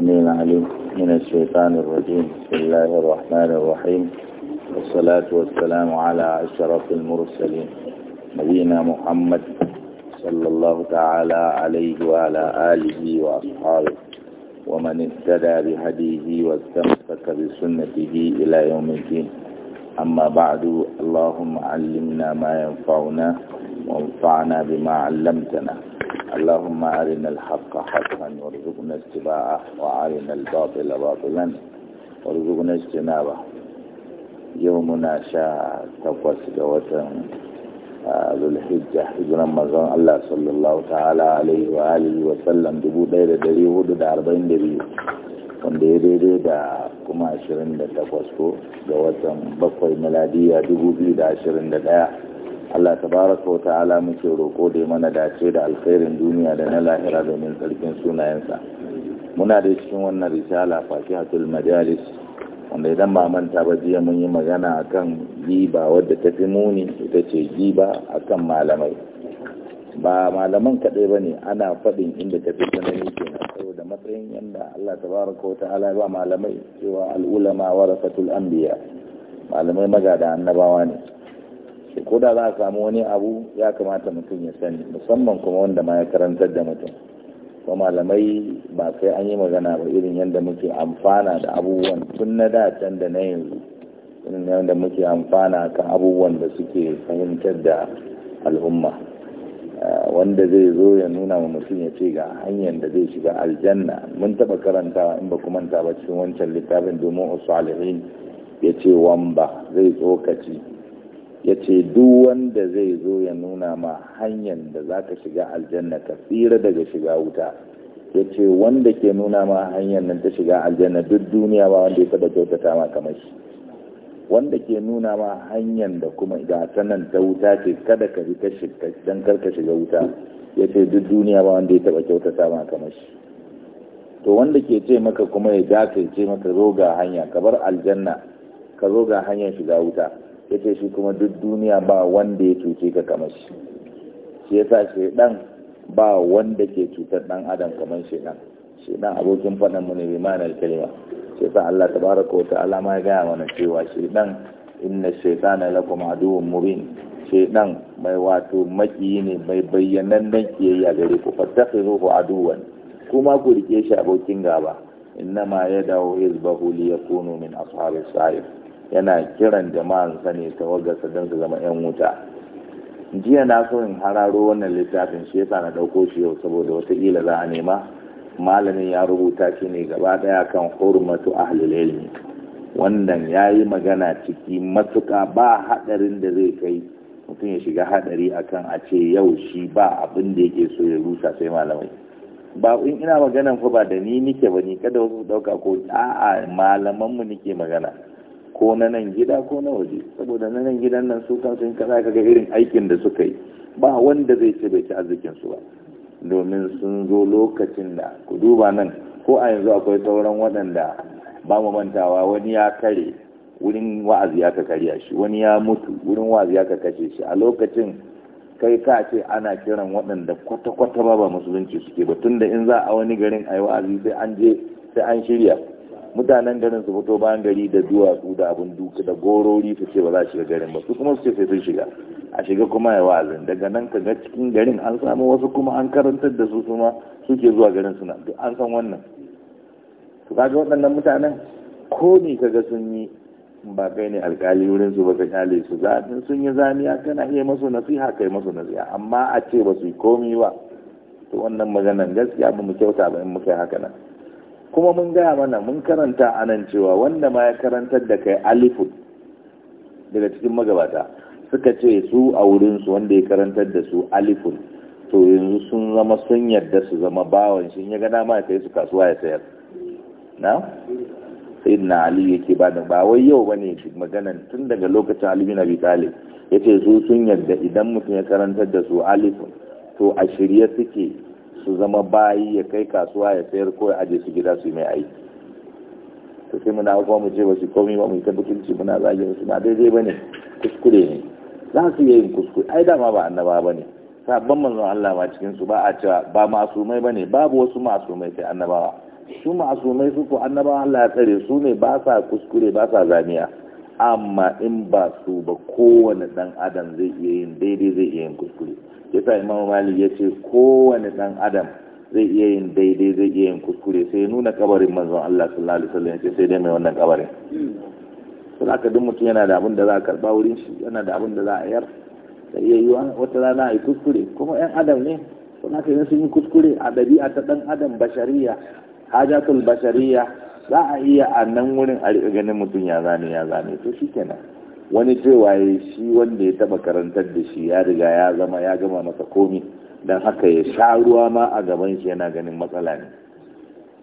أمين عليم من الشيطان الرجيم بسم الله الرحمن الرحيم والصلاة والسلام على أشرف المرسلين نبينا محمد صلى الله تعالى عليه وعلى آله وأصحابه ومن اهتدى بهديه واستمسك بسنته إلى يوم الدين أما بعد اللهم علمنا ما ينفعنا وانفعنا بما علمتنا اللهم أرنا الحق حقا وارزقنا اتباعه وأرنا الباطل باطلا وارزقنا اجتنابه يومنا شاء تقوس جوة ذو الحجة حجر رمضان الله صلى الله تعالى عليه وآله وسلم دبو دير دريه ودد أربعين دريه wanda ya daidai da kuma 28 ko ga watan bakwai miladiya 2021 Allah ta baraka wata ala muke roƙo da mana dace da alkhairin duniya da na lahira domin tsarkin sunayensa muna da cikin wannan risala Fashi fatihatul majalis wanda idan ba manta ba jiya mun yi magana akan giba wadda ta fi muni ita ce giba akan malamai ba malaman kaɗai ba ne ana faɗin inda ta fi tsanani kenan da matsayin yadda Allah tabaraka wa ta'ala ba malamai cewa al'ulama warasatul anbiya malamai magada annabawa ne shi ko da za a samu wani abu ya kamata mutum ya sani musamman kuma wanda ma ya karantar da mutum ko malamai ba sai an yi magana ba irin yadda muke amfana da abubuwan tun na da can da na yanzu irin yadda muke amfana kan abubuwan da suke fahimtar da al'umma wanda zai zo ya nuna wa mutum ya ce ga hanyar da zai shiga aljanna mun taba karanta in ba kuma ta ba cikin wancan littafin domin usalihin ya ce wamba zai tsokaci ya ce duk wanda zai zo ya nuna ma hanyar da za ka shiga aljanna ka tsira daga shiga wuta ya ce wanda ke nuna ma hanyar nan ta shiga aljanna duk duniya ba wanda ya taba kyautata ma kamar shi wanda ke nuna ma hanyar da kuma ga nan ta wuta ce kada ka bi don karka shiga wuta ya ce duk duniya ba wanda ya taba kyauta sama kamar shi to wanda ke ce maka kuma ya dace ce maka roga hanya ka bar aljanna ka roga hanyar shiga wuta ya ce shi kuma duk duniya ba wanda ya cuce ka kamar shi shi ya sa dan ba wanda ke cutar dan adam kamar nan. shi dan abokin faɗan mu ne bi ma'anar kalima shi sa Allah tabaraka wa ta'ala ma ya gaya mana cewa shi dan inna shaytana lakum aduwwun mubin shi dan mai wato makiyi ne mai bayyanan bayyanannen kiyayya gare ku fattakhiruhu aduwwan kuma ku rike shi abokin gaba innama yadahu hizbahu liyakunu min ashabis sa'ir yana kiran jama'an ne tawagarsa don su zama 'yan wuta jiya na so in hararo wannan littafin shi yasa na ɗauko shi yau saboda wataƙila za a nema malamin ya rubuta shi ne gaba daya kan hurmatu ahlul ilmi wannan yayi magana ciki matuka ba hadarin da zai kai mutum ya shiga hadari akan a ce yau shi ba abin da yake so ya rusa sai malamai ba in ina maganan fa ba da ni nike ba ni kada wasu dauka ko a'a malaman mu nike magana ko na nan gida ko na waje saboda na nan gidan nan su kan sun kaza kaga irin aikin da suka yi ba wanda zai ce bai ci arzikin su ba domin sun zo lokacin da ku duba nan ko a yanzu akwai sauran waɗanda ba mu mantawa wani ya kare wurin wa'azi ya ka karya shi wani ya mutu wurin wa'azi ya ka kashe shi a lokacin kai ka ce ana kiran waɗanda kwata-kwata ba ba musulunci suke ba tunda in za a wani garin a yi wa'azi sai sai an shirya mutanen garin su fito bayan gari da duwatsu da abin duka da gorori su ce ba za shiga garin ba su kuma su ce sai sun shiga a shiga kuma ya wa'azin daga nan ka ga cikin garin an samu wasu kuma an karantar da su kuma suke zuwa garin suna duk an san wannan su kaga waɗannan mutanen ko ne ka ga sun yi ba kai ne alkali wurin su ba ka kyale su za sun yi zaniya kana iya masu nasiha kai masu nasiha amma a ce ba su yi komi ba to wannan maganan gaskiya ba mu kyauta ba in muka yi haka nan kuma mun gaya mana mun karanta a nan cewa wanda ma ya karantar da kai alifu daga cikin magabata suka ce su a wurinsu wanda ya karanta da su alifu to yanzu sun zama sun yarda su zama bawan shi ya ga dama ya kai su kasuwa ya sayar na sai na ali yake ba da ba wai yau bane ne maganan tun daga lokacin alibi na bitali ya ce su sun yarda idan mutum ya karantar da su alifu to a shirye suke su zama bayi ya kai kasuwa ya sayar ko ya aje su gida su mai aiki ta sai muna kuma mu ce wasu komi ba mu ta butunci muna zage wasu ba daidai ne kuskure ne za su yi kuskure ai dama ba annaba ne sabon manzon Allah ma cikin su ba a cewa ba masumai ne babu wasu masumai sai annabawa su masumai su ko annaba Allah ya tsare su ne ba sa kuskure ba sa zamiya amma in ba su ba kowane dan adam zai iya yin daidai zai iya yin kuskure yasa imamu malik ya ce kowane dan adam zai iya yin daidai zai iya yin kuskure sai nuna kabarin manzon Allah sallallahu alaihi wasallam yace sai dai mai wannan kabarin to haka duk mutum yana da abin da za a karba wurin shi yana da abin da za a yar sai iya yiwa wata rana a yi kuskure kuma yan adam ne to haka yin sun yi kuskure a dabi'a ta dan adam bashariya hajatul bashariya za a iya a nan wurin a riƙa ganin mutum ya zane ya zane to shikenan wani cewa ya shi wanda ya taba karantar da shi ya riga ya zama ya gama masa komi don haka ya sha ruwa ma a gaban shi yana ganin matsala ne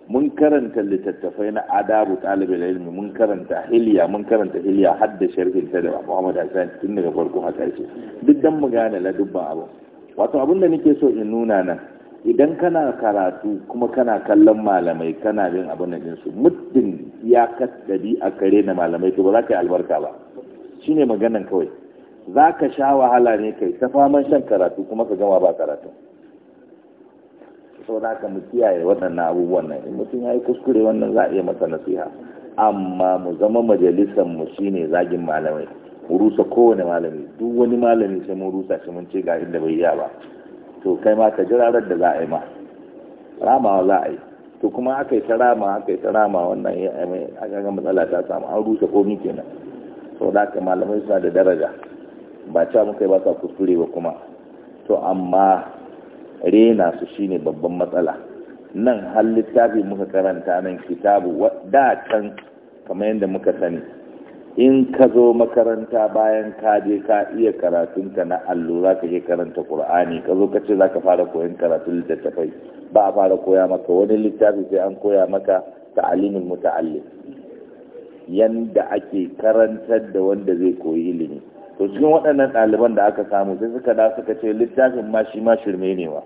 mun karanta littattafai na adabu da ilmi mun karanta hiliya mun karanta hiliya har da sharhin ta da Muhammad Hassan tun daga farko haka ce duk dan mu gane ladubban abu wato abin da nake so in nuna nan idan kana karatu kuma kana kallon malamai kana bin abin da su muddin iyakar a kare na malamai to ba za ka yi albarka ba Shi ne maganan kawai za ka sha wahala ne kai ta faman shan karatu kuma ka gama ba karatu sau da ka mu kiyaye waɗannan abubuwan nan in mutum ya yi kuskure wannan za a iya masa nasiha amma mu zama majalisar mu shi ne zagin malamai mu rusa kowane malami duk wani malami sai mun rusa shi mun ce ga inda bai yi ba to kai ma ka jira da za a yi ma ramawa za a yi to kuma aka yi ta rama aka yi ta rama wannan ya yi aka ga matsala ta samu an rusa komi kenan sau da ka malamai suna da daraja ba cewa muka yi ba sa kuskure ba kuma to amma rena su shine babban matsala nan har littafi muka karanta nan kitabu da can kamar yadda muka sani in ka zo makaranta bayan ka je ka iya karatunta na allo za ka ke karanta ƙur'ani ka zo ka ce za ka fara koyan karatun littattafai ba a fara koya maka wani littafi sai an koya maka ta'alimin muta'allim yanda ake karantar da wanda zai koyi ilimi to cikin waɗannan ɗaliban da aka samu sai suka da suka ce littafin ma shi ma shirme ne wa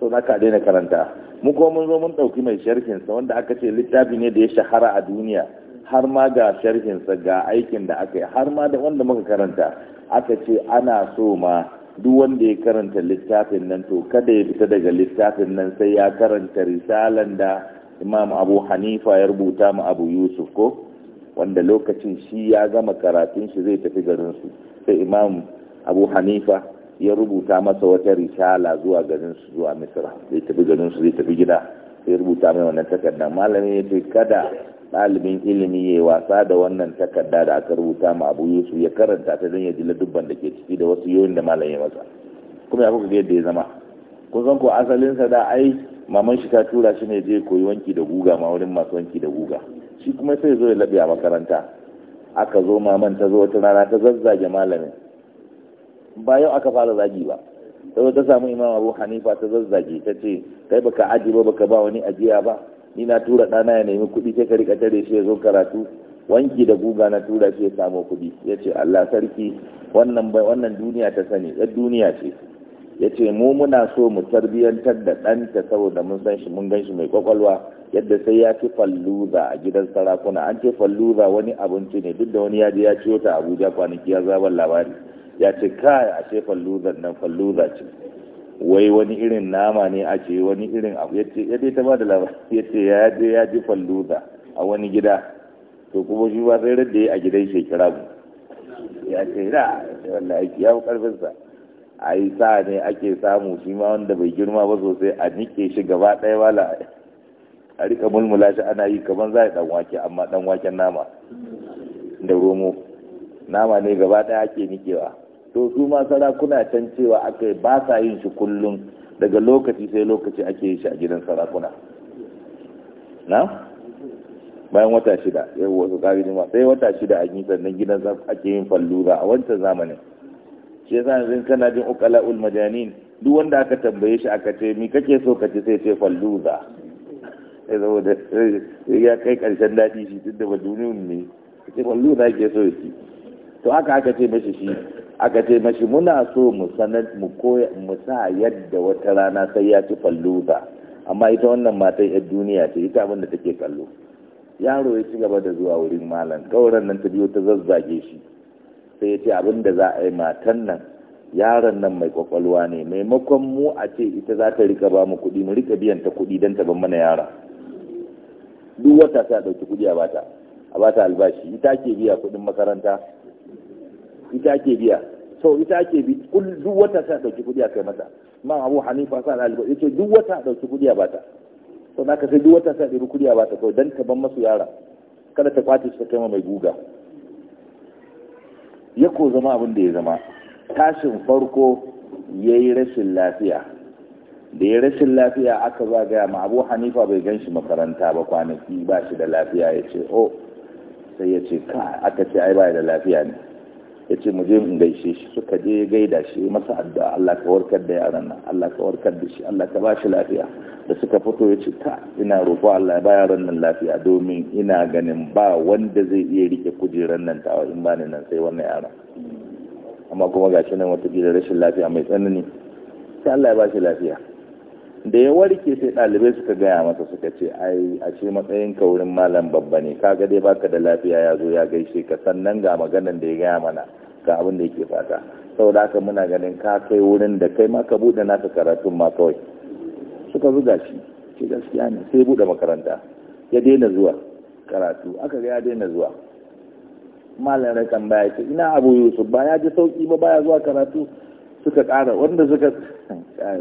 so na ka daina karanta mu ko mun zo mun ɗauki mai sharhinsa wanda aka ce littafi ne da ya shahara a duniya har ma ga sharhinsa ga aikin da aka yi har ma da wanda muka karanta aka ce ana so ma duk wanda ya karanta littafin nan to kada ya fita daga littafin nan sai ya karanta risalan da imam abu hanifa ya rubuta ma abu yusuf ko wanda lokacin shi ya gama karatun shi zai tafi su sai imam abu hanifa ya rubuta masa wata risala zuwa su zuwa misra zai tafi su zai tafi gida sai rubuta mai wannan takarda malamin ya ce kada ɗalibin ilimi ya wasa da wannan takarda da aka rubuta ma abu yusuf ya karanta ta don ya ji ladubban da ke ciki da wasu yoyin da malamin ya masa kuma ya kuka yadda ya zama kun san ko asalinsa da ai maman shi ta tura shi ne je koyi wanki da guga ma wurin masu wanki da guga shi kuma sai zo ya labe a makaranta aka zo maman ta zo wata rana ta zazzage malamin ba yau aka fara zagi ba zo ta samu imam abu hanifa ta zazzage ta ce kai baka aji ba baka ba wani ajiya ba ni na tura ɗana ya nemi kuɗi sai ka rika tare shi ya zo karatu wanki da guga na tura shi ya samu kuɗi ya ce allah sarki wannan duniya ta sani ɗan duniya ce ya ce mu muna so mu tarbiyyantar da ɗanta saboda mun san shi mun gan shi mai kwakwalwa yadda sai ya ci falluza a gidan sarakuna an ce falluza wani abinci ne duk da wani ya je ya ciyo ta abuja kwanaki ya zaban labari ya ce kai a ce falluzan nan falluza ce wai wani irin nama ne a ce wani irin abu ya ce ya dai ta ba da labari ya ce ya je ya ji falluza a wani gida to kuma shi ba sai radda ya a gidan shekara mu ya ce da wallahi ya fi karfin sa a yi sa ne ake samu shi ma wanda bai girma ba sosai a nike shi gaba ɗaya ba la a rika mulmula shi ana yi kamar za a ɗan wake amma ɗan waken nama da romo nama ne gaba ɗaya ake nikewa to su ma sarakuna can cewa aka yi ba sa yin shi kullum daga lokaci sai lokaci ake yi shi a gidan sarakuna na bayan wata shida yau wasu ƙari sai wata shida a yi sannan gidan ake yin fallura a wancan zamanin shi zan yanzu kana jin ul majanin duk wanda aka tambaye shi aka ce mi kake so ka ci sai ce falluza eh, sai da eh, ya kai karshen dadi shi tunda ba duniyun ne ce falluza ke so shi to haka aka ce mashi shi aka ce mashi muna so mu sanar mu koya mu sa yadda wata rana sai ya ci falluza amma ita wannan matan yar duniya ce ita abin da take kallo yaro ya ci gaba da zuwa wurin malam kauran nan ta biyo ta zazzage shi sai ya ce abin da za a yi matan nan yaron nan mai kwakwalwa ne maimakon mu a ce ita za ta rika ba mu kuɗi mu rika biyan ta kuɗi don ta ban mana yara duk wata ta ɗauki kuɗi a bata a bata albashi ita ke biya kuɗin makaranta ita ke biya so ita ke bi duk wata ta ɗauki kuɗi a kai mata ma abu hanifa sa albashi yace duk wata ɗauki kuɗi a bata so naka sai duk wata ta ɗauki kuɗi a bata kawai don ta ban masu yara kada ta kwace su ta kai mai guga ya ko zama abin da ya zama tashin farko ya yi rashin lafiya da ya rashin lafiya aka za gaya ma abu hanifa bai gan shi makaranta ba kwanaki ba shi da lafiya ya ce o oh, sai ya ce ka aka ce ai ba da lafiya ne ya ce mu je mu gaishe shi suka je gaida shi masa addu'a Allah ka warkar da yaran nan Allah ka warkar da shi Allah ka ba shi lafiya da suka fito ya ce ta ina roƙo Allah ya ba yaran nan lafiya domin ina ganin ba wanda zai iya rike kujerar nan ta in ba ni nan sai wannan yaran amma kuma gashi nan wata gida rashin lafiya mai tsanani sai Allah ya ba shi lafiya da ya warke sai dalibai suka gaya masa suka ce ai a ce matsayin ka wurin malam babba ne kaga dai baka da lafiya ya zo ya gaishe ka sannan ga maganan da ya gaya mana ga abin da yake fata saboda haka muna ganin ka kai wurin da kai ma ka naka karatun ma kawai suka zuga shi ce gaskiya ne sai bude makaranta ya daina zuwa karatu aka ga ya daina zuwa malam rakan baya ce ina abu yusuf ba ya ji sauki ba baya zuwa karatu suka ƙara wanda suka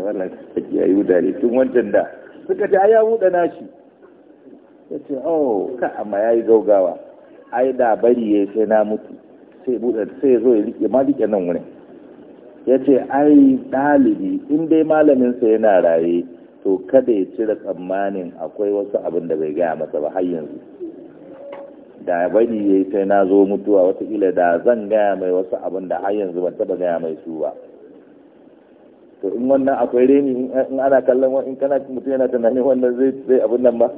wala ya yi tun wancan da suka ce ya buɗe nashi ya ce oh ka amma ya yi gaugawa ai da bari ya sai na mutu sai buɗe sai zo ya rike ma rike nan wurin ya ce ai ɗalibi in dai malaminsa yana raye to kada ya cire tsammanin akwai wasu abin da bai gaya masa ba har yanzu da bari ya sai na zo mutuwa ila da zan gaya mai wasu abin da har yanzu ban taɓa gaya mai su ba to in wannan akwai reni in ana kallon in kana mutum yana tunanin wannan zai zai abin nan ba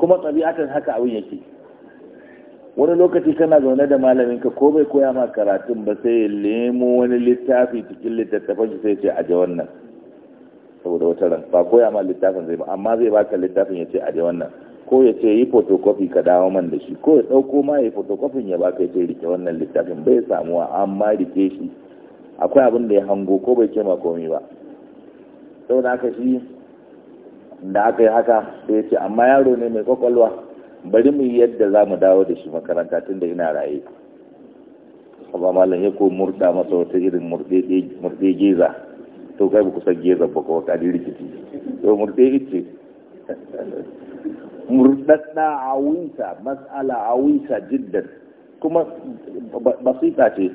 kuma tabi'atan haka abin yake wani lokaci kana zaune da malamin ka ko bai koya ma karatun ba sai ya lemo wani littafi cikin littattafan shi sai ce aje wannan saboda wata ran ba koya ma littafin zai ba amma zai baka littafin ya ce aje wannan ko ya ce yi photocopy ka dawo man da shi ko ya ɗauko ma ya photocopy ya baka ya ce rike wannan littafin bai samuwa amma rike shi akwai abin da ya hango ko bai ce ma komai ba da aka shi da aka yi haka sai ya ce amma yaro ne mai kwakwalwa bari mu yi yadda za mu dawo da shi makaranta tun da ina raye amma malam ya ko murda masa wata irin murɗe geza to kai ku kusan geza ba ko kadi rikici to murde ice murdadda awisa mas'ala awisa jiddar kuma basita ce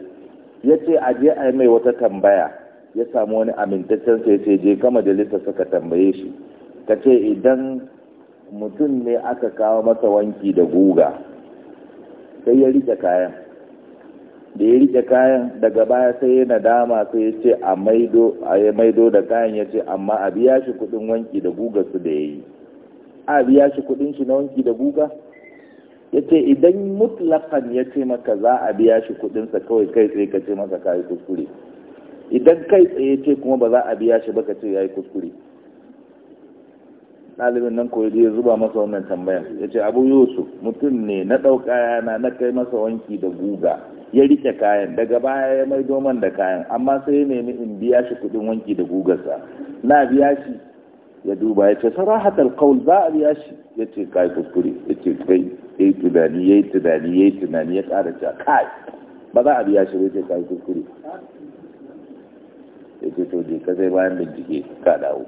Ya ce a je a mai wata tambaya ya samu wani amintaccen sai sai je kama da lissa suka tambaye shi ka ce idan mutum ne aka kawo masa wanki da guga sai ya rike kayan da ya rike kayan daga baya sai ya nadama sai ya ce a maido a ya maido da kayan ya ce amma a biya shi kudin wanki da guga su da ya yi a biya shi kudin shi na wanki da guga ya ce idan mutlakan ya ce maka za a biya shi kudinsa kawai kai sai ka ce masa kayi kuskure idan kai tsaye ce kuma ba za a biya shi ba ka ce ya yi kuskure ɗalibin nan koyi ya zuba masa wannan tambayar ya ce abu yusuf mutum ne na ɗauka yana na kai masa wanki da guga ya rike kayan daga baya ya mai doman da kayan amma sai ya nemi in biya shi kuɗin wanki da gugarsa na biya shi ya duba ya ce sarahatar kawul za a biya shi ya ce kai kuskure ya ce kai ya yi tunani ya yi tunani ya yi tunani ya ƙara ce kai ba za a biya shi ba ya ce kai kuskure ya ce to je ka bayan bincike ka dawo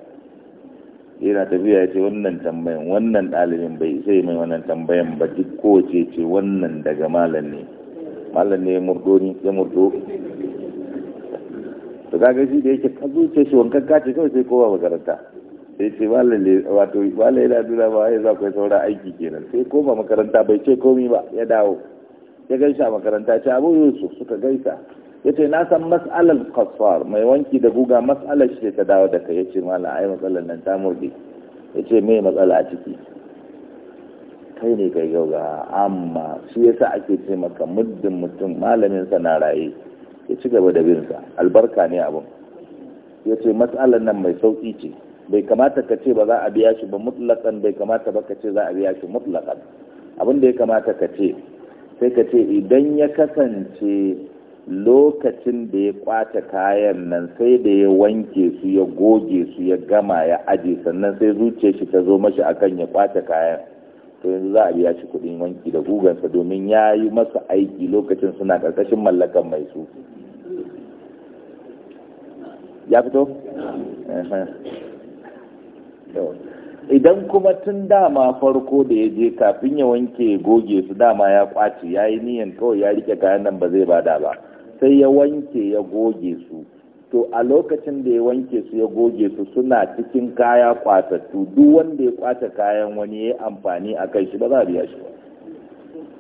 yana tafiya ya ce wannan tambayan wannan ɗalibin bai sai mai wannan tambayan ba duk kowace ce wannan daga malam ne malam ne ya murdo ya murdo to kaga shi da yake ka ce shi wankan kace kawai sai kowa makaranta sai ce malam ne wato malam yana nuna ba ya za ku yi saura aiki kenan sai koma makaranta bai ce komi ba ya dawo ya gaisa makaranta ce abu yusuf suka gaisa yace na san matsalar qasfar mai wanki da guga matsalar shi ta dawo da kai ce mala ai matsalar nan ta murde ce me matsala a ciki kai ne kai gauga amma shi yasa ake ce maka muddin mutum malamin sa na raye ya ci gaba da bin sa albarka ne abun ce matsalar nan mai sauki ce bai kamata ka ce ba za a biya shi ba mutlakan bai kamata ba ka ce za a biya shi mutlakan abin da ya kamata ka ce sai ka ce idan ya kasance lokacin da ya kwace kayan nan sai da ya wanke su ya goge su ya gama ya aje sannan sai zuciyar shi ta zo mashi akan ya kwace kayan to yanzu za a biya shi kuɗin wanki da gugansa domin ya yi masa aiki lokacin suna ƙarƙashin mallakan mai su ya fito? idan kuma tun dama farko da ya je kafin ya wanke goge su dama ya kwace ya yi niyan kawai ya rike kayan nan ba zai bada ba sai ya wanke ya goge su to a lokacin da ya wanke su ya goge su suna cikin kaya kwatattu duk wanda ya kwata kayan wani ya amfani a kai shi ba za a biya shi ba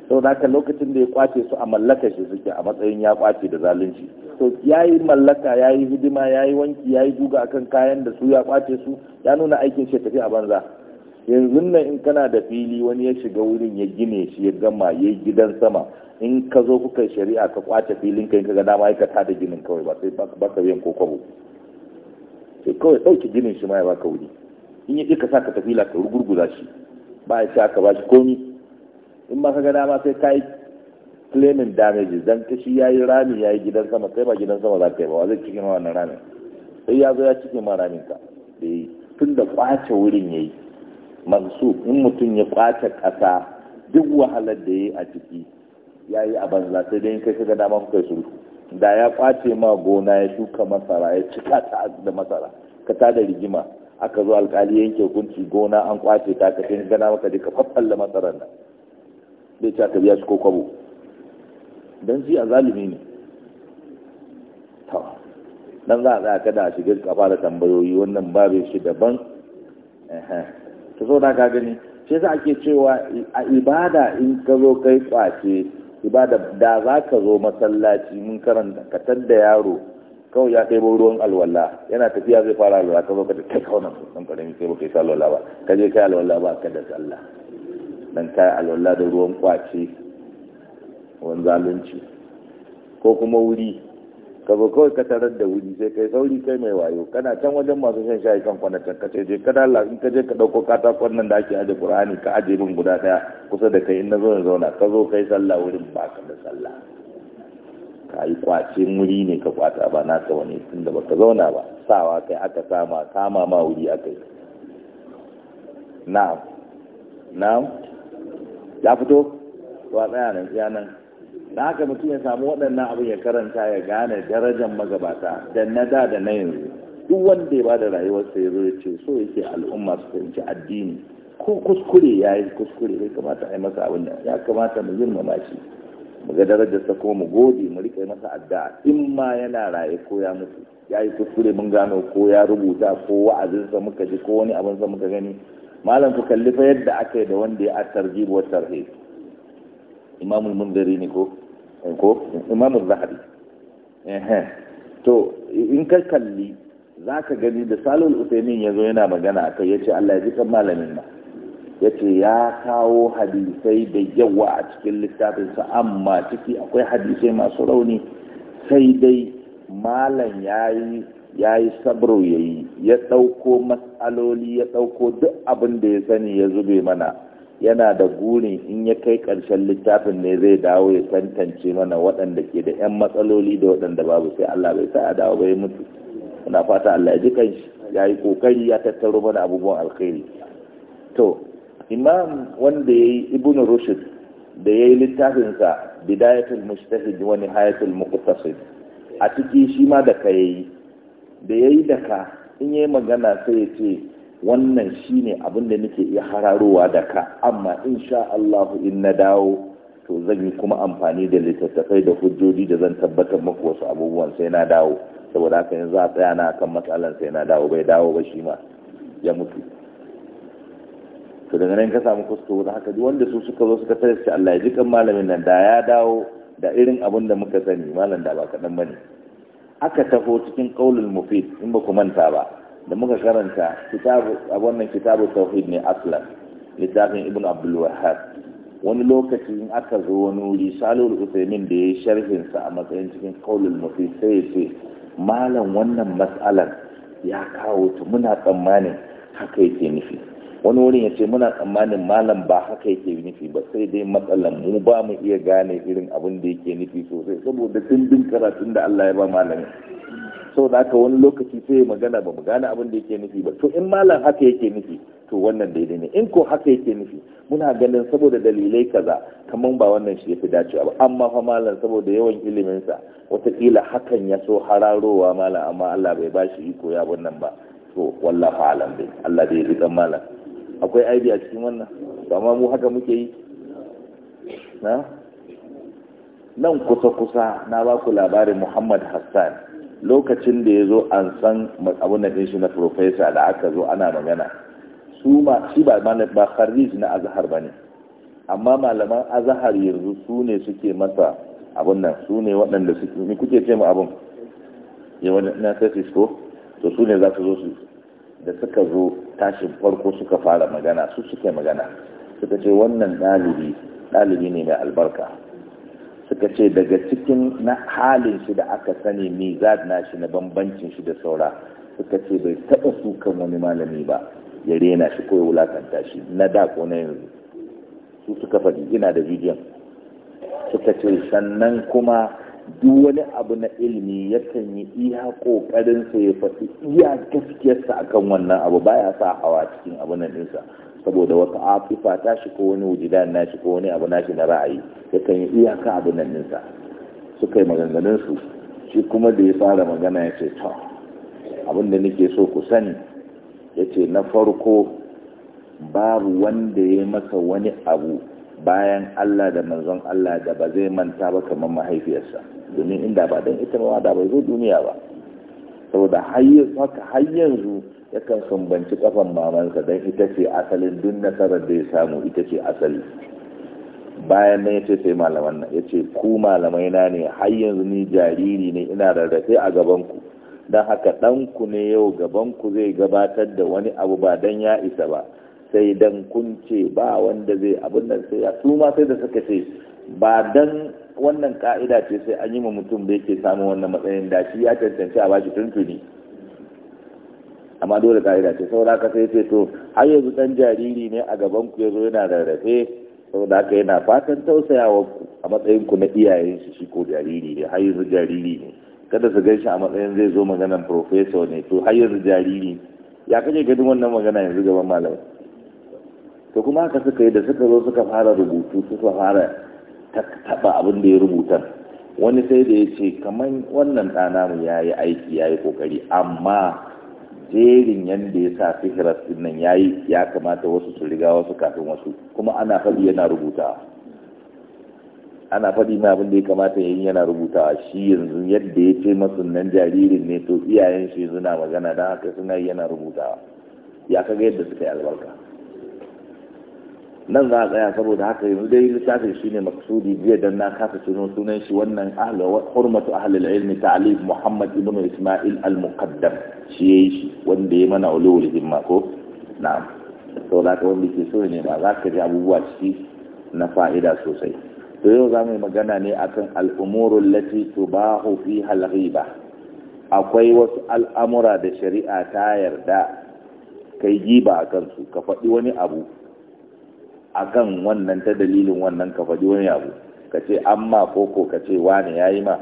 to da lokacin da ya kwace su a mallaka shi suke a matsayin ya kwace da zalunci to yayi mallaka yayi hidima yayi yi wanki ya duga akan kayan da su ya kwace su ya nuna aikin shi tafi a banza yanzu nan in kana da fili wani ya shiga wurin ya gine shi ya gama ya yi gidan sama in ka zo kuka shari'a ka kwace filin ka in ka ga dama ka da ginin kawai ba sai ba ka biyan ko kwabo sai kawai dauki ginin shi ma ya baka wuri in ya ka sa ka tafi ka rugurguza shi ba ya sa ka ba shi komi in ma ka ga dama sai ka yi claiming damages dan kashi ya yi rami ya yi gidan sama kai ba gidan sama za ka yi ba zai cikin wannan ramin sai ya zo ya cikin ma ramin ka da eh, yi tun da kwace wurin ya yi mansu in mutum ya kwace ƙasa duk wahalar da ya yi a ciki ya yi a banza sai dai kai shiga dama kai sulhu da ya ƙwace ma gona ya shuka masara ya cika ta da masara ka ta da rigima aka zo alkali yanke hukunci gona an kwace ta ka sai gana maka ka faffalla masarar nan zai ci aka biya shi ko kwabo don shi a zalimi ne dan za a tsaya kada a shiga kafa da tambayoyi wannan babin shi daban ka zo da ka gani shi a ake cewa a ibada in ka zo kai kwace ibada da za ka zo masallaci mun karanta ka tadda yaro kawai ya ɗebo ruwan alwala yana tafiya zai fara alwala ka zo ka ta kai kawai nan karami sai baka yi alwala ba ka je kai alwala ba ka da sallah dan kai alwala da ruwan kwace wani zalunci ko kuma wuri ka ba kawai ka tarar da wuri sai kai sauri kai mai wayo kana can wajen masu shan shayi kan kwanatan ka ce ka dala in ka je ka dauko katakon nan da ake aje qur'ani ka aje min guda daya kusa da kai in na zo na zauna ka zo kai sallah wurin ba ka da sallah ka yi kwace wuri ne ka kwata ba na ka wani tun da baka zauna ba sawa kai aka sama kama ma wuri aka yi na'am na'am ya fito wa a tsaya nan tsaya nan da haka mutum ya samu waɗannan abin ya karanta ya gane darajar magabata da na da da na yanzu duk wanda ya bada rayuwarsa ya zo ya ce so yake al'umma su fahimci addini ko kuskure ya yi kuskure bai kamata a yi masa abin da ya kamata mu girmama shi mu ga sa kuma mu gode mu rika masa addu'a in ma yana raye ko ya mutu ya yi kuskure mun gano ko ya rubuta ko wa'azinsa muka ji ko wani abinsa muka gani malam ku kalli fa yadda aka yi da wanda ya tarjibu wa tarhe imamul mundari ne ko ko imamun zahabi to in ka kalli za ka gani da salul usaimin ya zo yana magana a kai ya ce allah ya ji kan malamin ma ya ce ya kawo hadisai da yawa a cikin littafinsa amma ciki akwai hadisai masu rauni sai dai malam ya yi sabro ya yi ya ɗauko matsaloli ya ɗauko duk abin da ya sani ya zube mana yana da gurin in ya kai ƙarshen littafin ne zai dawo ya tantance mana waɗanda ke da 'yan matsaloli da waɗanda babu sai Allah bai sa a dawo bai mutu muna fata Allah ya ji kanshi ya yi ƙoƙari ya tattaro mana abubuwan alkhairi to imam wanda ya yi ibn rushd da ya yi littafinsa bidayatul mustahid wa nihayatul muqtasid a ciki shi ma da ka yayi da yayi da ka in yayi magana sai ya ce wannan shine abin da nake iya hararowa da ka amma in sha Allah in na dawo to zan yi kuma amfani da littattafai da hujjoji da zan tabbatar maku wasu abubuwan sai na dawo saboda haka yanzu a tsaya na kan matsalan sai na dawo bai dawo ba shi ma ya mutu to daga nan ka samu kusa saboda haka duk wanda su suka zo suka tare shi Allah ya ji kan malamin nan da ya dawo da irin abin da muka sani malam da ba kadan bane aka tafo cikin qaulul mufid in ba ku manta ba da muka karanta a wannan kitabu tauhid ne aslan littafin ibn abdul wani lokaci in aka zo wani wuri salul usaimin da ya yi sharhinsa a matsayin cikin kaulul mufi sai ya ce malam wannan matsalar ya kawo ta muna tsammanin haka yake nufi wani wurin ya ce muna tsammanin malam ba haka yake nufi ba sai dai matsalan mu ba mu iya gane irin abin da yake nufi sosai saboda dimbin karatun da Allah ya ba malami sau da haka wani lokaci sai magana ba mu gane abin da yake nufi ba to in malam haka yake nufi to wannan daidai ne in ko haka yake nufi muna ganin saboda dalilai kaza kamar ba wannan shi yafi dacewa ba amma fa malam saboda yawan ilimin iliminsa watakila hakan ya so hararowa malam amma Allah bai bashi iko ya wannan ba to wallahi alam dai Allah bai rika malam akwai aibi a cikin wannan amma mu haka muke yi na nan kusa-kusa na ba ku labarin muhammad hassan lokacin da ya zo an san abin da shi na profesa da aka zo ana magana su ma shi ba ba kharij na azhar ba ne amma malaman azhar yanzu su ne suke masa abin nan su ne waɗanda suke ni kuke ce mu abin ya wani na ko to su ne za su zo su da suka zo tashin farko suka fara magana su suke magana suka ce wannan ɗalibi ɗalibi ne mai albarka suka ce daga cikin na halin shi da aka sani mizad na shi na bambancin shi da saura suka ce bai taɓa sukan wani malami ba ya rena shi ko ya wulakanta shi na da ko na yanzu su suka faɗi ina da bidiyon suka ce sannan kuma duk wani abu na ilimi yakan yi iya kokarin sa ya faɗi iya gaskiyarsa akan wannan abu baya sa hawa cikin abu nan dinsa saboda wata afifa ta shi ko wani na nashi ko wani abu nashi na ra'ayi yakan yi iyaka abu nan dinsa su yi maganganun shi kuma da ya fara magana ya ce to abin da nake so ku sani ya ce na farko babu wanda ya masa wani abu bayan Allah da manzon Allah da ba zai manta ba kamar mahaifiyarsa domin inda ba don ita ma da bai zo duniya ba saboda haka har yanzu yakan sumbanci kafan mamansa don ita ce asalin duk nasarar da ya samu ita ce asali bayan nan ya ce sai malaman nan ya ce ku malamai na ne har yanzu ni jariri ne ina rarrafe a gabanku don haka ɗanku ne yau gabanku zai gabatar da wani abu ba don ya isa ba sai don kun ce ba wanda zai abin nan sai ya su sai da suka ce ba dan. wannan ka'ida ce sai an yi ma mutum da yake samun wannan matsayin da shi ya cancanci a bashi tuntuni amma dole ka'ida ce da aka sai ce to har yanzu dan jariri ne a gaban ku yazo yana rarrafe da aka yana fatan tausayawa ku a matsayin ku na iyayen shi shi ko jariri ne har yanzu jariri ne kada su ganshi a matsayin zai zo maganan professor ne to har yanzu jariri ya kaje ganin wannan magana yanzu gaban malamai to kuma haka suka yi da suka zo suka fara rubutu suka fara taba abin da ya rubuta wani sai da ya ce kamar wannan ɗana mu ya yi aiki ya yi ƙoƙari amma jerin yadda ya sa sihirar nan ya yi ya kamata wasu su riga wasu kafin wasu kuma ana faɗi yana rubuta ana faɗi na abin da ya kamata yin yana rubuta shi yanzu yadda ya ce masu nan jaririn ne to iyayen shi suna magana da haka suna yana rubuta ya kaga yadda suka yi albarka nan za a tsaya saboda haka yanzu dai littafin shi ne maksudi jiya dan na kasa tuno sunan shi wannan hurmatu ahlul ilmi ta'alif muhammad ibn isma'il al-muqaddam shi yayi shi wanda ya mana ulul himma ko na'am saboda haka wanda ke so ne ba za ka ji abubuwa ciki na fa'ida sosai to yau za mu yi magana ne akan al'umurul lati tubahu fi al akwai wasu al'amura da shari'a ta yarda kai giba a kansu ka faɗi wani abu akan wannan ta dalilin wannan ka faɗi wani abu ka ce amma koko ka ce wane ya yi ma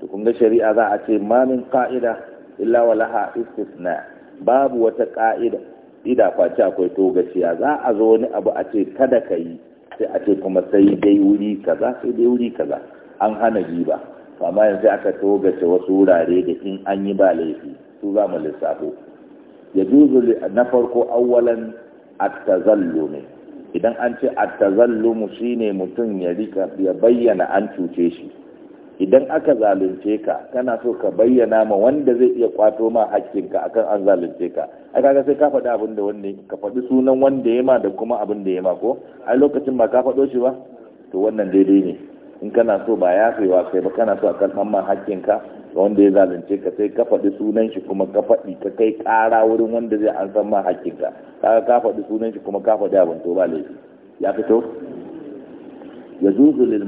to kun ga shari'a za a ce ma min ka'ida illa walaha istisna babu wata ka'ida ida kwace akwai togaciya za a zo wani abu a ce kada ka yi sai a ce kuma sai dai wuri kaza sai dai wuri kaza an hana jiba. amma yanzu aka togace wasu wurare da in an yi ba laifi su za mu lissafo ya juzu na farko awwalan at-tazallumi idan an ce at shi shine mutum ya rika ya bayyana an cuce shi idan aka zalunce ka kana so ka bayyana ma wanda zai iya kwato ma hakkinka akan an zalunce ka ai kaga sai ka faɗi abin da wanda ka faɗi sunan wanda ya ma da kuma abin da ya ma ko ai lokacin ba ka faɗo shi ba to wannan daidai ne in kana so ba yafewa kai ba kana so a karɓar ma ka wanda ya zalunce ka sai ka faɗi sunan shi kuma ka faɗi ka kai ƙara wurin wanda zai an san ma hakkinka kaga ka faɗi sunan shi kuma ka faɗi abin to ba laifi ya fito ya zuzu lil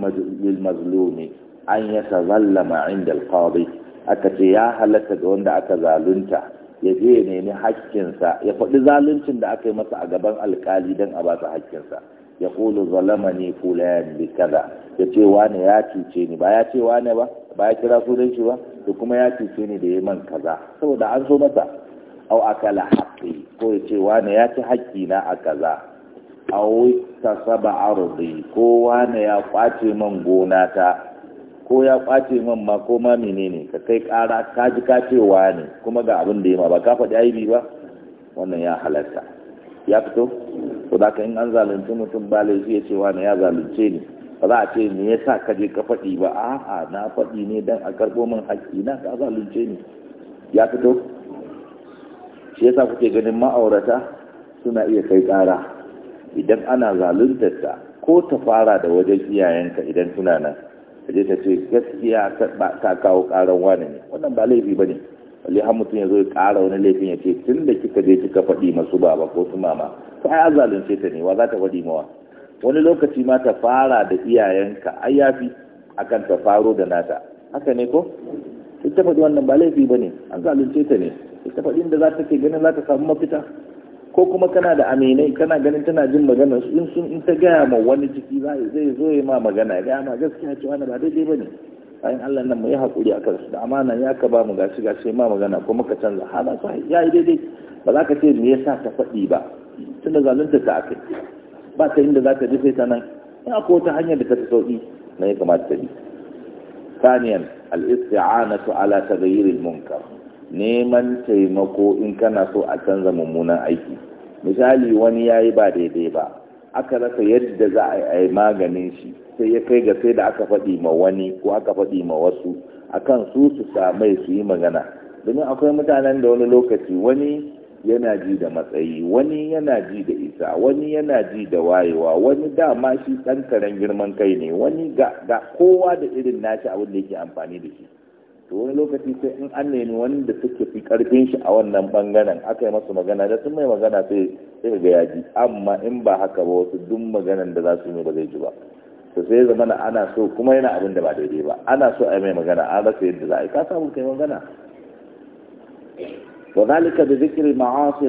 mazlumi an ya tazallama inda alqadi aka ce ya halatta ga wanda aka zalunta ya je ya nemi hakkinsa ya faɗi zaluncin da aka yi masa a gaban alkali don a ba su hakkinsa ya kulu zalamani fulan bi kaza ya ce wane ya cuce ni ba ya ce wane ba ba ya kira sunan shi ba da kuma ya cuce ni da ya man kaza saboda an zo masa au akala haqqi ko ya ce wane ya ci haƙƙi na a kaza au tasaba ardi ko wane ya kwace man gona ta ko ya kwace man ma ko ma menene ka kai ƙara ka ji ka ce wane kuma ga abin da ya ma ba ka faɗi aibi ba wannan ya halatta ya fito to da in an zalunci mutum ba laifi ya ce wane ya zalunce ni ba za a ce me yasa ka je ka faɗi ba a'a na faɗi ne dan a karɓo min haƙƙi na ka zalunce ni ya fito shi yasa kuke ganin ma'aurata suna iya kai ƙara idan ana zaluntar ta ko ta fara da wajen iyayenka idan suna nan ta je ta ce gaskiya ta kawo ƙaran wani ne wannan ba laifi ba ne wale har mutum ya zo ya ƙara wani laifin ya ce tun da kika je kika faɗi masu baba ko su mama ko ai zalunce ta ne wa za ta faɗi mawa wani lokaci ma ta fara da iyayenka ai yafi akan ta faro da nata haka ne ko ita faɗi wannan ba laifi ba ne an zalunce ta ne ita faɗi da za ta ke ganin za ta samu mafita ko kuma kana da aminai kana ganin tana jin magana in sun in ta gaya ma wani ciki Za zai zo ya ma magana ya gaya ma gaskiya cewa na ba daidai ba ne bayan Allah nan mu yi hakuri a kansu da amana ya ka ba mu gashi gashi ma magana ko ka canza ha ba ya yi daidai ba za ka ce me yasa ta faɗi ba tunda zalunta ta akai ba ka da za ka ji ta nan in akwai wata hanyar da ta fi sauƙi na ya kamata ta bi ثانيا الاستعانة على تغيير munkar neman taimako in kana so a canza mummunan aiki misali wani ya yi ba daidai ba aka rasa yadda za a yi maganin shi sai ya kai ga sai da aka faɗi ma wani ko aka faɗi ma wasu akan su su samai su yi magana domin akwai mutanen da wani lokaci wani yana ji da matsayi wani yana ji da isa wani yana ji da wayewa wani da ma shi ɗan girman kai ne wani ga kowa da irin nashi abin da yake amfani da shi to wani lokaci sai in an nemi da suke fi karfin shi a wannan bangaren aka yi masu magana da sun mai magana sai sai ga yaji amma in ba haka ba wasu duk maganan da za su yi ba zai ji ba to sai zama ana so kuma yana abin da ba daidai ba ana so a yi mai magana an rasa yadda za a yi ka samu kai magana wa zalika bi zikri ma'asi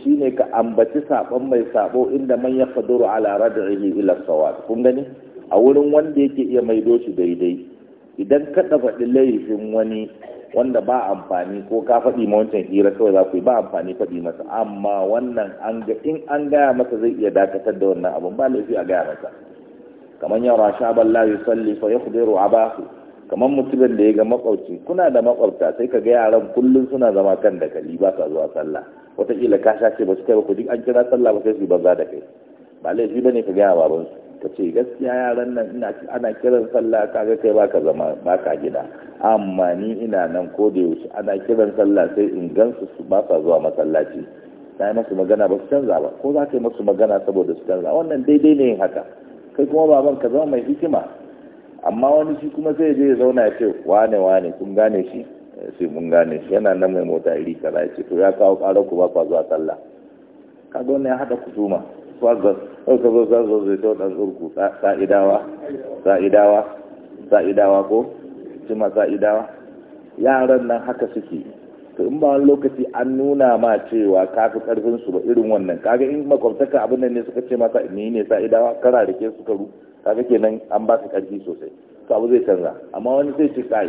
shine ka ambaci sabon mai sabo inda man yaqdiru ala rad'ihi ila sawab kun gani a wurin wanda yake iya maido shi daidai idan ka da faɗi laifin wani wanda ba amfani ko ka faɗi ma wancan hira kawai za ku yi ba amfani faɗi masa amma wannan an ga in an gaya masa zai iya dakatar da wannan abun ba laifi a gaya masa kamar yara shaban la yusalli fa yakhdiru abahu kamar mutumin da ya ga makwabci kuna da makwabta sai ka ga yaran kullum suna zama kan da kali ba sa zuwa sallah wataƙila ka sha ce ba su kai ba ku duk an kira sallah ba sai su banza da kai ba laifi ba ne ka gaya baban su ka ce gaskiya yaran nan ina ana kiran sallah kaga kai baka zama baka gida amma ni ina nan ko da yaushe ana kiran sallah sai in gansu su ba sa zuwa masallaci na yi masu magana ba su canza ba ko za ka yi masu magana saboda su canza wannan daidai ne yin haka kai kuma baban ka zama mai hikima amma wani shi kuma sai je ya zauna ya ce wane wane kun gane shi sai mun gane shi yana nan mai mota iri kaza ya ce to ya kawo ƙarar ku ba kwa zuwa sallah ga wannan ya haɗa kusuma wazar sau ka zo zazo zai ta ɗan urku sa'idawa sa'idawa sa'idawa ko ma sa'idawa yaran nan haka suke to in ba wani lokaci an nuna ma cewa ka fi su ba irin wannan kaga in makwabtaka abin nan ne suka ce masa ni ne sa'idawa kara ke suka ru kaga kenan an ba ka karfi sosai to abu zai canza amma wani zai ci kai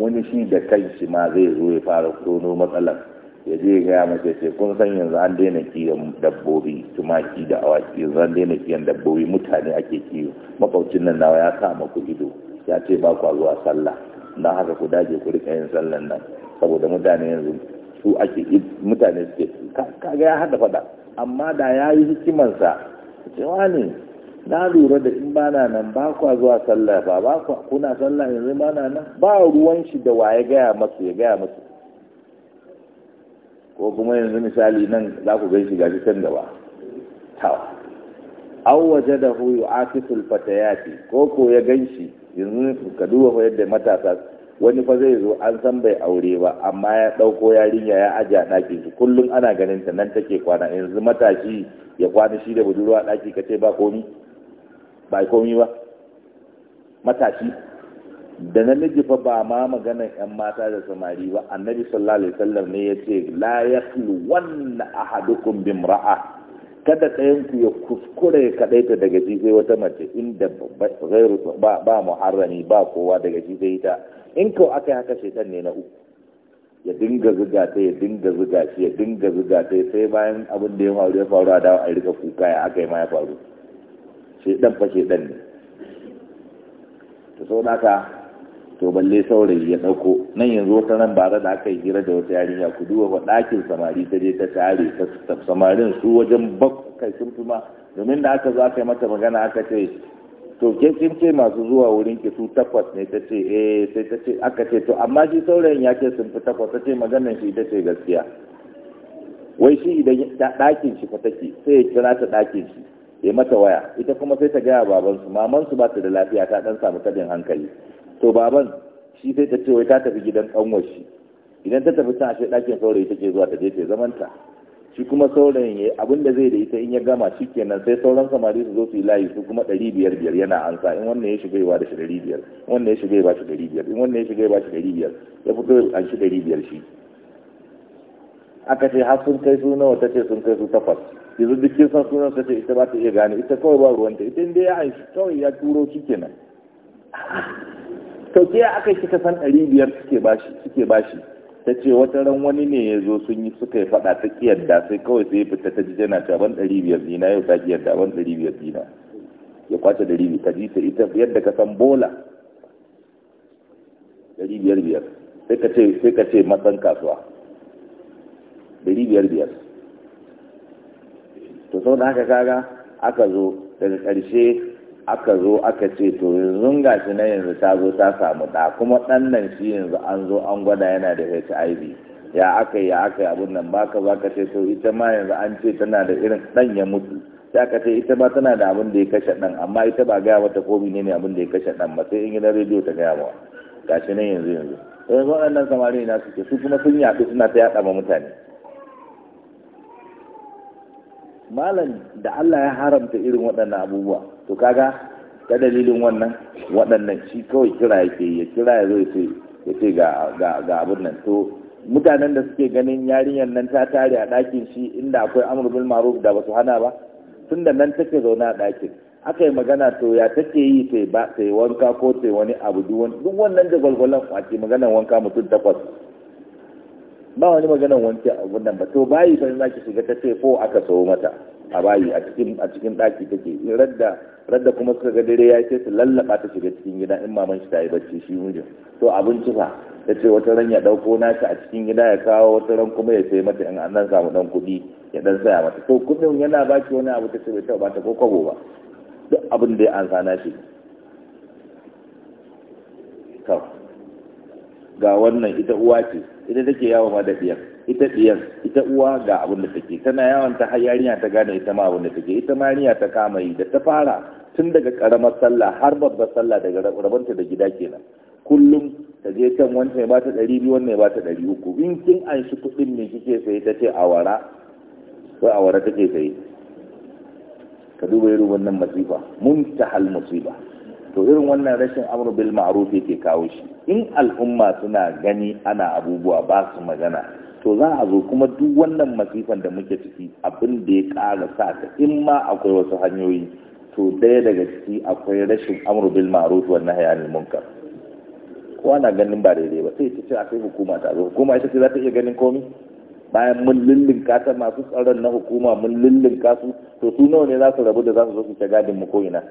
wani shi da kai shi ma zai zo ya fara tono matsalar ya je gaya mace ce kun san yanzu an daina kiyan dabbobi tumaki da awaki yanzu an daina kiyan dabbobi mutane ake kiyo makwabcin nan nawa ya sa maku ido ya ce ba ku zuwa sallah na haka ku dage ku rika yin sallan nan saboda mutane yanzu su ake mutane suke kaga ya hada fada amma da ya yi hikimansa cewa ne na lura da in bana nan ba kwa zuwa sallah ba ba kwa kuna sallah yanzu bana nan ba ruwan shi da waye gaya masu ya gaya masu ko kuma yanzu misali nan za ku gaishe gashi can gaba tawa aw wajadahu fata ya fatayati ko ko ya ganshi yanzu ka duba fa yadda matasa wani fa zai zo an san bai aure ba amma ya ɗauko yarinya ya aje a ɗakin shi kullum ana ganin ta nan take kwana yanzu matashi ya kwana shi da budurwa a ɗaki ka ce ba komi ba komi ba matashi da namiji fa ba ma magana ‘yan mata da samari ba annabi sallallahu alaihi wasallam ne ya ce la ya wannan ahadukum bimra'a kada tsayanku ya kuskure ya ta daga shi wata mace inda ba muharrami ba kowa daga shi sai ita in ko aka haka shaitan ne na uku ya dinga zuga ta ya dinga zuga shi ya dinga zuga ta sai bayan abin da ya faru ya faru a dawo a rika kuka ya aka yi ma ya faru ɗan fa ɗan ne to sau naka to balle saurayi ya dauko nan yanzu wata nan bare da aka yi hira da wata yarinya ku duba ba ɗakin samari ta je ta tare ta samarin su wajen kai sun fi ma domin da aka zo aka yi mata magana aka ce to ke kin ce masu zuwa wurin ki su takwas ne ta ce eh sai ta ce aka ce to amma shi saurayin ya ce sun fi takwas ta ce maganar shi ita ce gaskiya wai shi idan ɗakin shi fa take sai ya kira ta ɗakin shi ya mata waya ita kuma sai ta gaya baban maman mamansu ba ta da lafiya ta dan samu tabin hankali to baban shi sai ta ce wai ta tafi gidan kanwar shi idan ta tafi can ce ɗakin saurayi take zuwa ta je ta zamanta shi kuma saurayin ya abin da zai da ita in ya gama shi kenan sai sauran samari su zo su yi layi su kuma ɗari biyar biyar yana ansa in wannan ya shiga ya da shi ɗari biyar in wannan ya shiga ya ba shi ɗari biyar in wannan ya shiga ya ba shi ɗari biyar ya fito an shi ɗari biyar shi aka ce har sun kai suna wata ce sun kai su takwas yanzu duk kin san sunan ta ce ita ba ta iya gane ita kawai ba ruwanta ita inda ya aishi kawai ya turo shi kenan to ke aka kika san ɗari biyar suke bashi suke bashi ta ce wata ran wani ne ya zo sun yi suka yi faɗa ta kiyarda sai kawai sai fita ta ji jana ta ban ɗari biyar dina yau ta kiyarda ban ɗari biyar dina ya kwace ɗari biyar ka ji ta ita yadda ka san bola ɗari biyar biyar sai ka ce sai ka ce matsan kasuwa dari biyar biyar to sau da haka kaga aka zo daga ƙarshe aka zo aka ce to yanzu ga shi na yanzu ta zo ta samu ɗa kuma ɗan nan shi yanzu an zo an gwada yana da hiv ya aka yi ya aka yi abin nan baka baka ce to ita ma yanzu an ce tana da irin ɗan ya mutu sai aka ce ita ma tana da abin da ya kashe ɗan amma ita ba gaya mata ko ne ne abin da ya kashe ɗan ba sai in gidan rediyo ta gaya ga shi na yanzu yanzu yanzu waɗannan samari na suke su kuma sun yaɗu suna ta yaɗa ma mutane malam da Allah ya haramta irin waɗannan abubuwa to kaga ta dalilin wannan waɗannan shi kawai kira yake ya kira ya zo ya ce ga abin nan to mutanen da suke ganin yarinyar nan ta tare a ɗakin shi inda akwai amurbin bil maruf da ba su hana ba tun da nan take zaune a ɗakin aka yi magana to ya take yi ta ba ta yi wanka ko ta wani abu duk wannan jagwalgwalan wannan da maganar wanka mutum takwas ba wani magana wanke a wannan ba to bayi fa za ki shiga ta ce ko aka sawo mata a bayi a cikin a cikin daki take in radda radda kuma suka ga dare ya ce su lallaba ta shiga cikin gida in maman shi ta yi bacci shi mijin to abinci fa ta ce wata ran ya dauko naka a cikin gida ya kawo wata ran kuma ya sai mata in an nan samu dan kuɗi ya dan saya mata to kuɗin yana baki wani abu ta ce bai taɓa ba ta ko kwabo ba duk abin da ya an sana shi ga wannan ita uwa ce ita take yawo ma da diyar ita diyar ita uwa ga abin da take tana yawon ta har yarinya ta gane ita ma abin da take ita ma yarinya ta kama yi da ta fara tun daga karamar sallah har babbar sallah daga rabanta da gida kenan kullum ta je can wancan ya ba ɗari biyu wannan ya ba ɗari uku in kin an shi kuɗin ne kike saye ta ce awara wai awara take saye ka duba irin wannan masifa mun ta hal musiba to irin wannan rashin amru bil ma'ruf yake kawo shi in al'umma suna gani ana abubuwa ba su magana to za a zo kuma duk wannan masifan da muke ciki abin da ya kara sa ta in ma akwai wasu hanyoyi to ɗaya daga ciki akwai rashin amru bil ma'ruf wa nahyi anil munkar kowa na ganin ba daidai ba sai ta ce akwai hukuma ta zo hukuma ita ce za ta iya ganin komai bayan mun lullunka ta masu tsaron na hukuma mun lullunka su to su nawa ne za su rabu da za su zo su ta gadin mu ko ina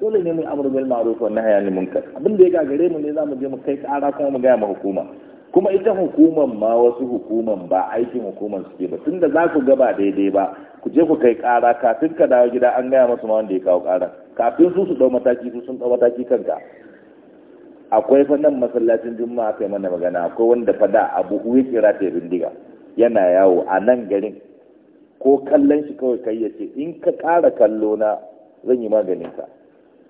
dole ne mu amru bil ma'ruf wa nahy anil munkar abin da ya gagare mu ne zamu je mu kai kara kuma mu gaya ma hukuma kuma ita hukuman ma wasu hukuman ba aikin hukuman suke ba tunda za ku gaba daidai ba ku je ku kai kara kafin ka dawo gida an gaya masu ma wanda ya kawo kara kafin su su dau mataki su sun dau mataki kanka akwai fa nan masallacin juma'a kai mana magana akwai wanda fada abu uwe kira ta bindiga yana yawo a nan garin ko kallon shi kawai kai ya ce in ka kara kallo na zan yi maganin ka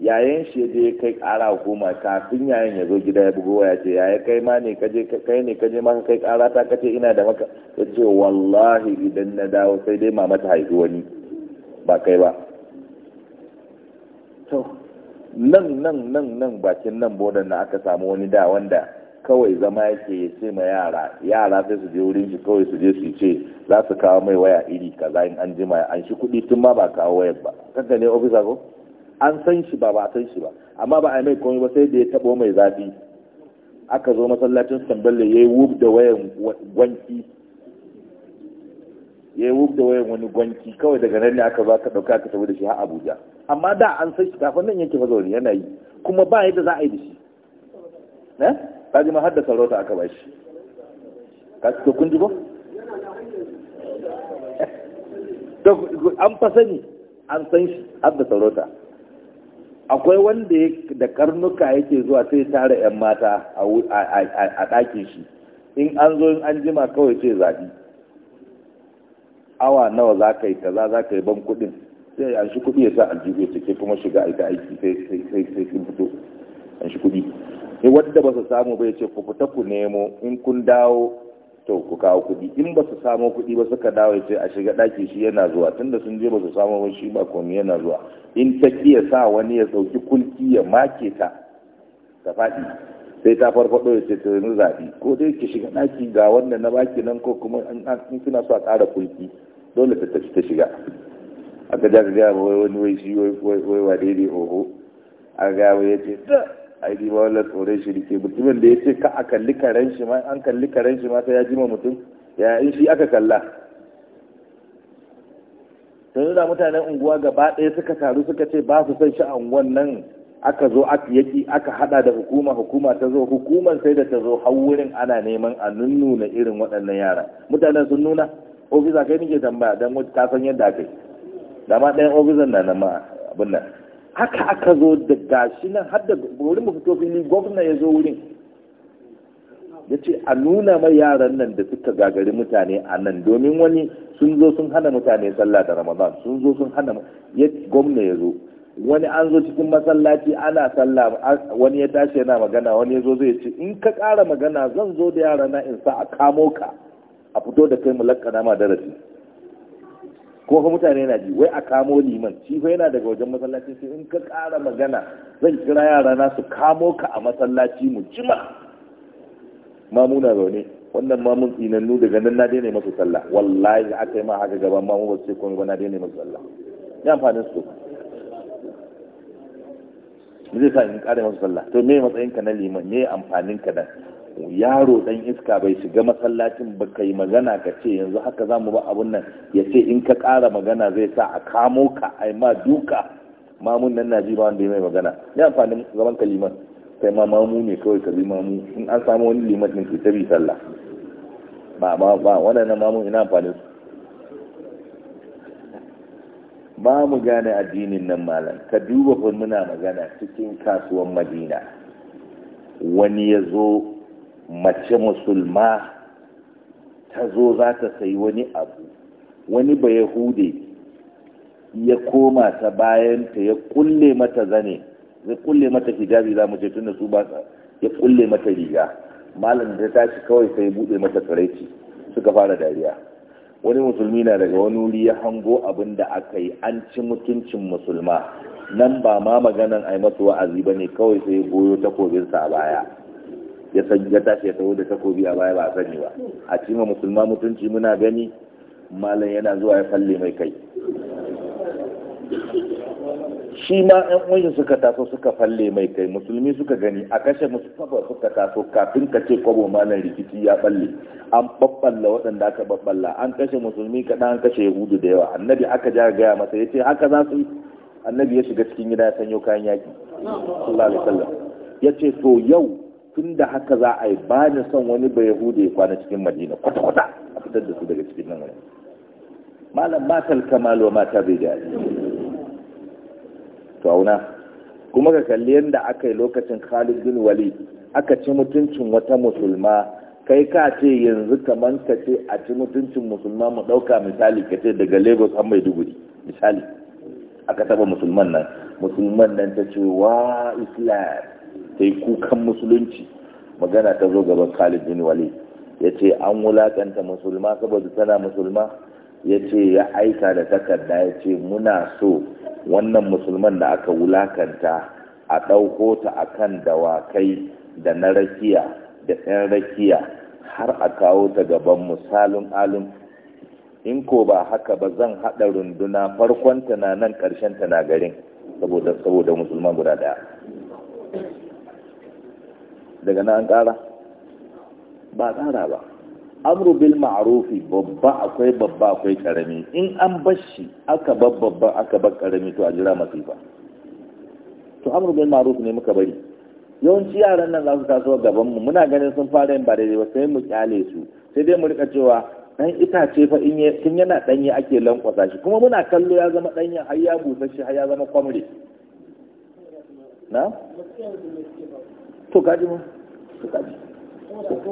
yayin shi je ya kai kara hukuma kafin yayin ya zo gida ya bugo ya ce yaya kai ma ne kaje kai ne kaje ma kai kara ta kace ina da maka ya ce wallahi idan na dawo sai dai mama ta haifi wani ba kai ba to nan nan nan nan bakin nan bodan na aka samu wani da wanda kawai zama yake ya ce ma yara yara sai su je wurin shi kawai su je su ce za su kawo mai waya iri kaza in an jima an shi kuɗi tun ma ba kawo wayar ba kanka ne ofisa ko an san shi ba ba san shi ba amma ba a mai komai ba sai da ya tabo mai zafi aka zo masallacin samballe ya yi wub da wayan gwanki ya yi wub da wayan wani gwanki kawai daga nan ne aka zo aka dauka aka tafi da shi har abuja amma da an san shi kafin nan yake fazo yana yi kuma ba yadda za a yi da shi ne eh? ta ji har da sarauta aka ba shi ka ci kun ji ba an fa sani an san shi har da sarauta akwai wanda da karnuka yake zuwa sai tara 'yan mata a ɗakin shi in an zo in an jima kawai ce zaɓi awa nawa za ka yi kaza za ka yi ban kuɗin sai an shi kuɗi ya sa aljihu ya ke kuma shiga aika aiki sai sun fito an shi kuɗi sai wadda ba su samu bai ce ku fita ku nemo in kun dawo to ku kawo kuɗi in ba su samo kuɗi ba suka dawo sai a shiga ɗaki shi yana zuwa tunda sun je ba su samo ba shi ba komai yana zuwa in ta kiya sa wani ya ɗauki kulki ya make ta ta faɗi sai ta farfaɗo ya ce ta yanzu zaɓi ko dai ki shiga ɗaki ga wanda na baki nan ko kuma in kina so a ƙara kulki dole ta tafi ta shiga aka ja ka wai wani wai shi wai wai wai oho a ga wai ya ce ai ni ma wannan tsoron shi rike mutumin da ya ce ka a kalli karen shi ma an kalli karen shi ma sai ya jima mutum ya yi shi aka kalla sai da mutanen unguwa gaba ɗaya suka taru suka ce ba su san shi wannan unguwan nan aka zo aka yaki aka hada da hukuma hukuma ta zo hukumar sai da ta zo har wurin ana neman a nunnuna irin waɗannan yara mutanen sun nuna ofisa kai nike tambaya don ka san yadda kai yi da ma ɗayan ofisan na nan ma abin nan haka aka zo da gashi nan har da wurin mu fito fili gwamna ya zo wurin ya ce a nuna mai yaran nan da suka gagari mutane a nan domin wani sun zo sun hana mutane sallah da ramadan sun zo sun hana ya gwamna ya zo wani an zo cikin masallaci ana sallah wani ya tashi yana magana wani ya zo zai ce in ka kara magana zan zo da yara na in sa a kamo ka a fito da kai mu lakkana ma darasi ko fa mutane na ji wai a kamo liman shi fa yana daga wajen masallaci sai in ka ƙara magana zan kira yara na su kamo ka a masallaci mu jima mamuna zaune wannan mamun tsinannu daga nan na daina masu sallah wallahi da aka yi ma haka gaban mamu ba sai komai ba na daina masu sallah ya amfanin su zai sa in ƙara masu sallah to me matsayin ka na liman me amfanin ka da yaro dan iska bai shiga masallacin ba kai magana ka ce yanzu haka za mu ba abun nan ya ce in ka ƙara magana zai sa a kamo ka ai ma duka mamun nan na ji ba wanda ya mai magana ya amfani zaman kaliman kai ma mamu ne kawai ka bi mamu in an samu wani liman din ke tabi sallah ba ba ba waɗannan mamun ina amfani su ba mu gane addinin nan malam ka duba fa muna magana cikin kasuwan madina wani ya zo mace musulma ta zo za ta sayi wani abu wani ba yahude ya koma ta bayan ta ya kulle mata zane zai kulle mata hijabi za mu ce tunda su ba ya kulle mata riga malam da ta tashi kawai sai buɗe mata tsiraici suka fara dariya wani musulmi na daga wani wuri ya hango abin da aka yi an ci mutuncin musulma nan ba ma maganan yi masu wa'azi ba ne kawai sai goyo takobinsa a baya ya ya tashi ya taho da takobi a baya ba a sani ba a cima musulma mutunci muna gani malam yana zuwa ya falle mai kai shi ma yan uwan suka taso suka falle mai kai musulmi suka gani a kashe musu suka taso kafin ka ce kwabo malam rikici ya balle an babballa waɗanda aka babballa an kashe musulmi kaɗan an kashe yahudu da yawa annabi aka ja gaya masa ya ce haka za su annabi ya shiga cikin gida ya sanyo kayan yaƙi sallallahu alaihi ya ce to yau tun da haka za a yi ba da son wani bai hude ya kwana cikin madina kwata-kwata a fitar da su daga cikin nan wani malam matal kamal wa mata bai da to auna kuma ga kalli yadda aka yi lokacin khalid bin wali aka ci mutuncin wata musulma kai ka ce yanzu kamar ka ce a ci mutuncin musulma mu ɗauka misali ka ce daga lagos an maiduguri misali aka taba musulman nan musulman nan ta ce wa islam ta kukan musulunci magana ta zo gaban khalid bin wali ya ce an wulaƙanta musulma saboda tana musulma ya ce ya aika da takarda ya ce muna so wannan musulman da aka wulakanta a ɗauko ta a kan dawakai da na rakiya da yan rakiya har a kawo ta gaban misalin alim in ko ba haka ba zan haɗa runduna farkon ta na nan ƙarshen ta na garin saboda musulman guda ɗaya daga nan an ƙara ba kara ba amru bil ma'rufi babba akwai babba akwai karami in an bashi aka bar babba aka bar karami to a jira masifa to amru bil ma'ruf ne muka bari yawanci yaran nan za su taso gaban mu muna ganin sun fara yin ba daidai ba sai mu kyale su sai dai mu rika cewa dan itace fa in ya kin yana danye ake lankwasa shi kuma muna kallo ya zama danyen har ya busa shi har ya zama kwamre na to kaji su kaji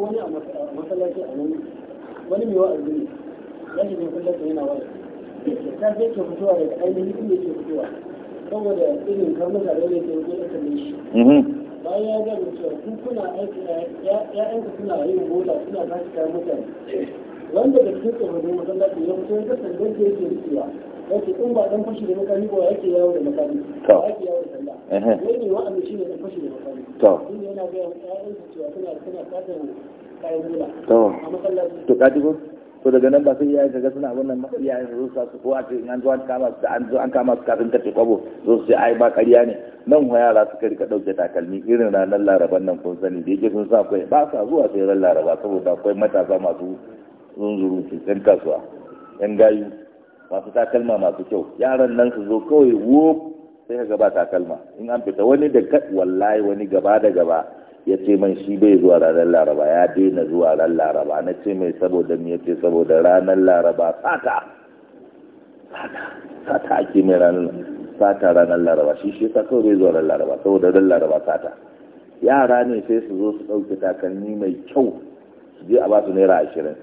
wani masallaci a wani mai wa'azi ne ya shi ne kullum yana wa'azi ta ce ke fitowa daga ainihin inda ke fitowa saboda irin karnuka da ne ke wuce da kalle shi mm-hmm. bayan ya gano cewa ku kuna aiki ya aiki kuna yin mota kuna tashi kayan mutane wanda da cikin tsofaffin masallaci ya fito ya kasance da yake rikewa yake in ba dan fashi da makami yake yawo da makami to yake yawo da sallah eh ne da makami to shi yana ga cewa suna suna fatan to a masallaci to daga nan ba sai ga kwabo zo su ai ne nan yara takalmi irin ranar laraban nan kun sani da yake zuwa sai laraba saboda akwai matasa masu zunzuru su masu takalma masu kyau yaran nan su zo kawai wo sai ka gaba takalma in an fita wani da wallahi wani gaba da gaba ya ce man shi bai zuwa ranar laraba ya daina zuwa ranar laraba na ce mai saboda me yace saboda ranar laraba sata sata sata ake mai ranar sata ranar laraba shi shi sa kawai bai zuwa ranar laraba saboda ranar laraba sata yara ne sai su zo su ɗauki takalmi mai kyau su je a ba su naira ashirin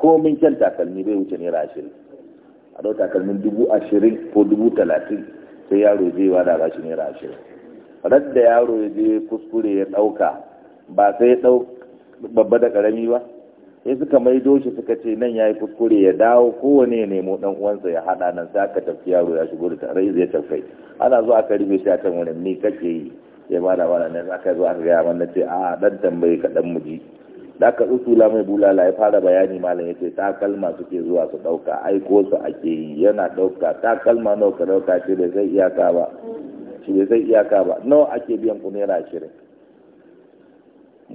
komin kyan takalmi bai wuce naira ashirin a ɗau takalmin dubu ashirin ko dubu talatin sai yaro zai wada ba shi naira ashirin radda yaro ya je kuskure ya ɗauka ba sai ya ɗau babba da ƙarami ba sai suka maido shi suka ce nan ya yi kuskure ya dawo kowane ya nemo dan uwansa ya hada nan sai aka tafi yaro ya shigo da tarai zai tafai ana zuwa aka rufe shi akan wani ni kake yi ya bada wani ne aka zo aka gaya wani ce a ɗan tambayi ka mu muji da aka tsutsula mai bulala ya fara bayani malam ya ce ta kalma suke zuwa su ɗauka aiko su ake yi yana ɗauka kalma nawa ka ɗauka ce da zai iyaka ba shi da zai iyaka ba nawa ake biyan ku naira ashirin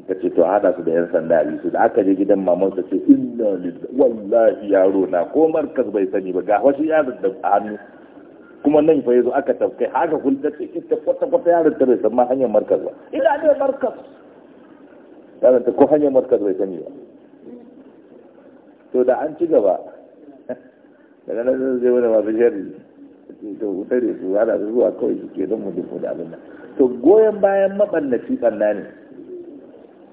ka ce to hada su da yan sanda a su da aka je gidan maman su ce inna lillahi wallahi yaro na ko markas bai sani ba ga wasu yaron da hannu kuma nan fa yazo aka tafkai haka kun ta ce ita kwata kwata yaron ta bai san ma hanyar markas ba ina ne markas ranar ta ko hanyar markas bai sani ba to da an ci gaba daga nan zai wani masu shari da wutar da su hada da zuwa kawai su ke don mu ko da abin nan to goyon bayan maɓannaci ɓanna ne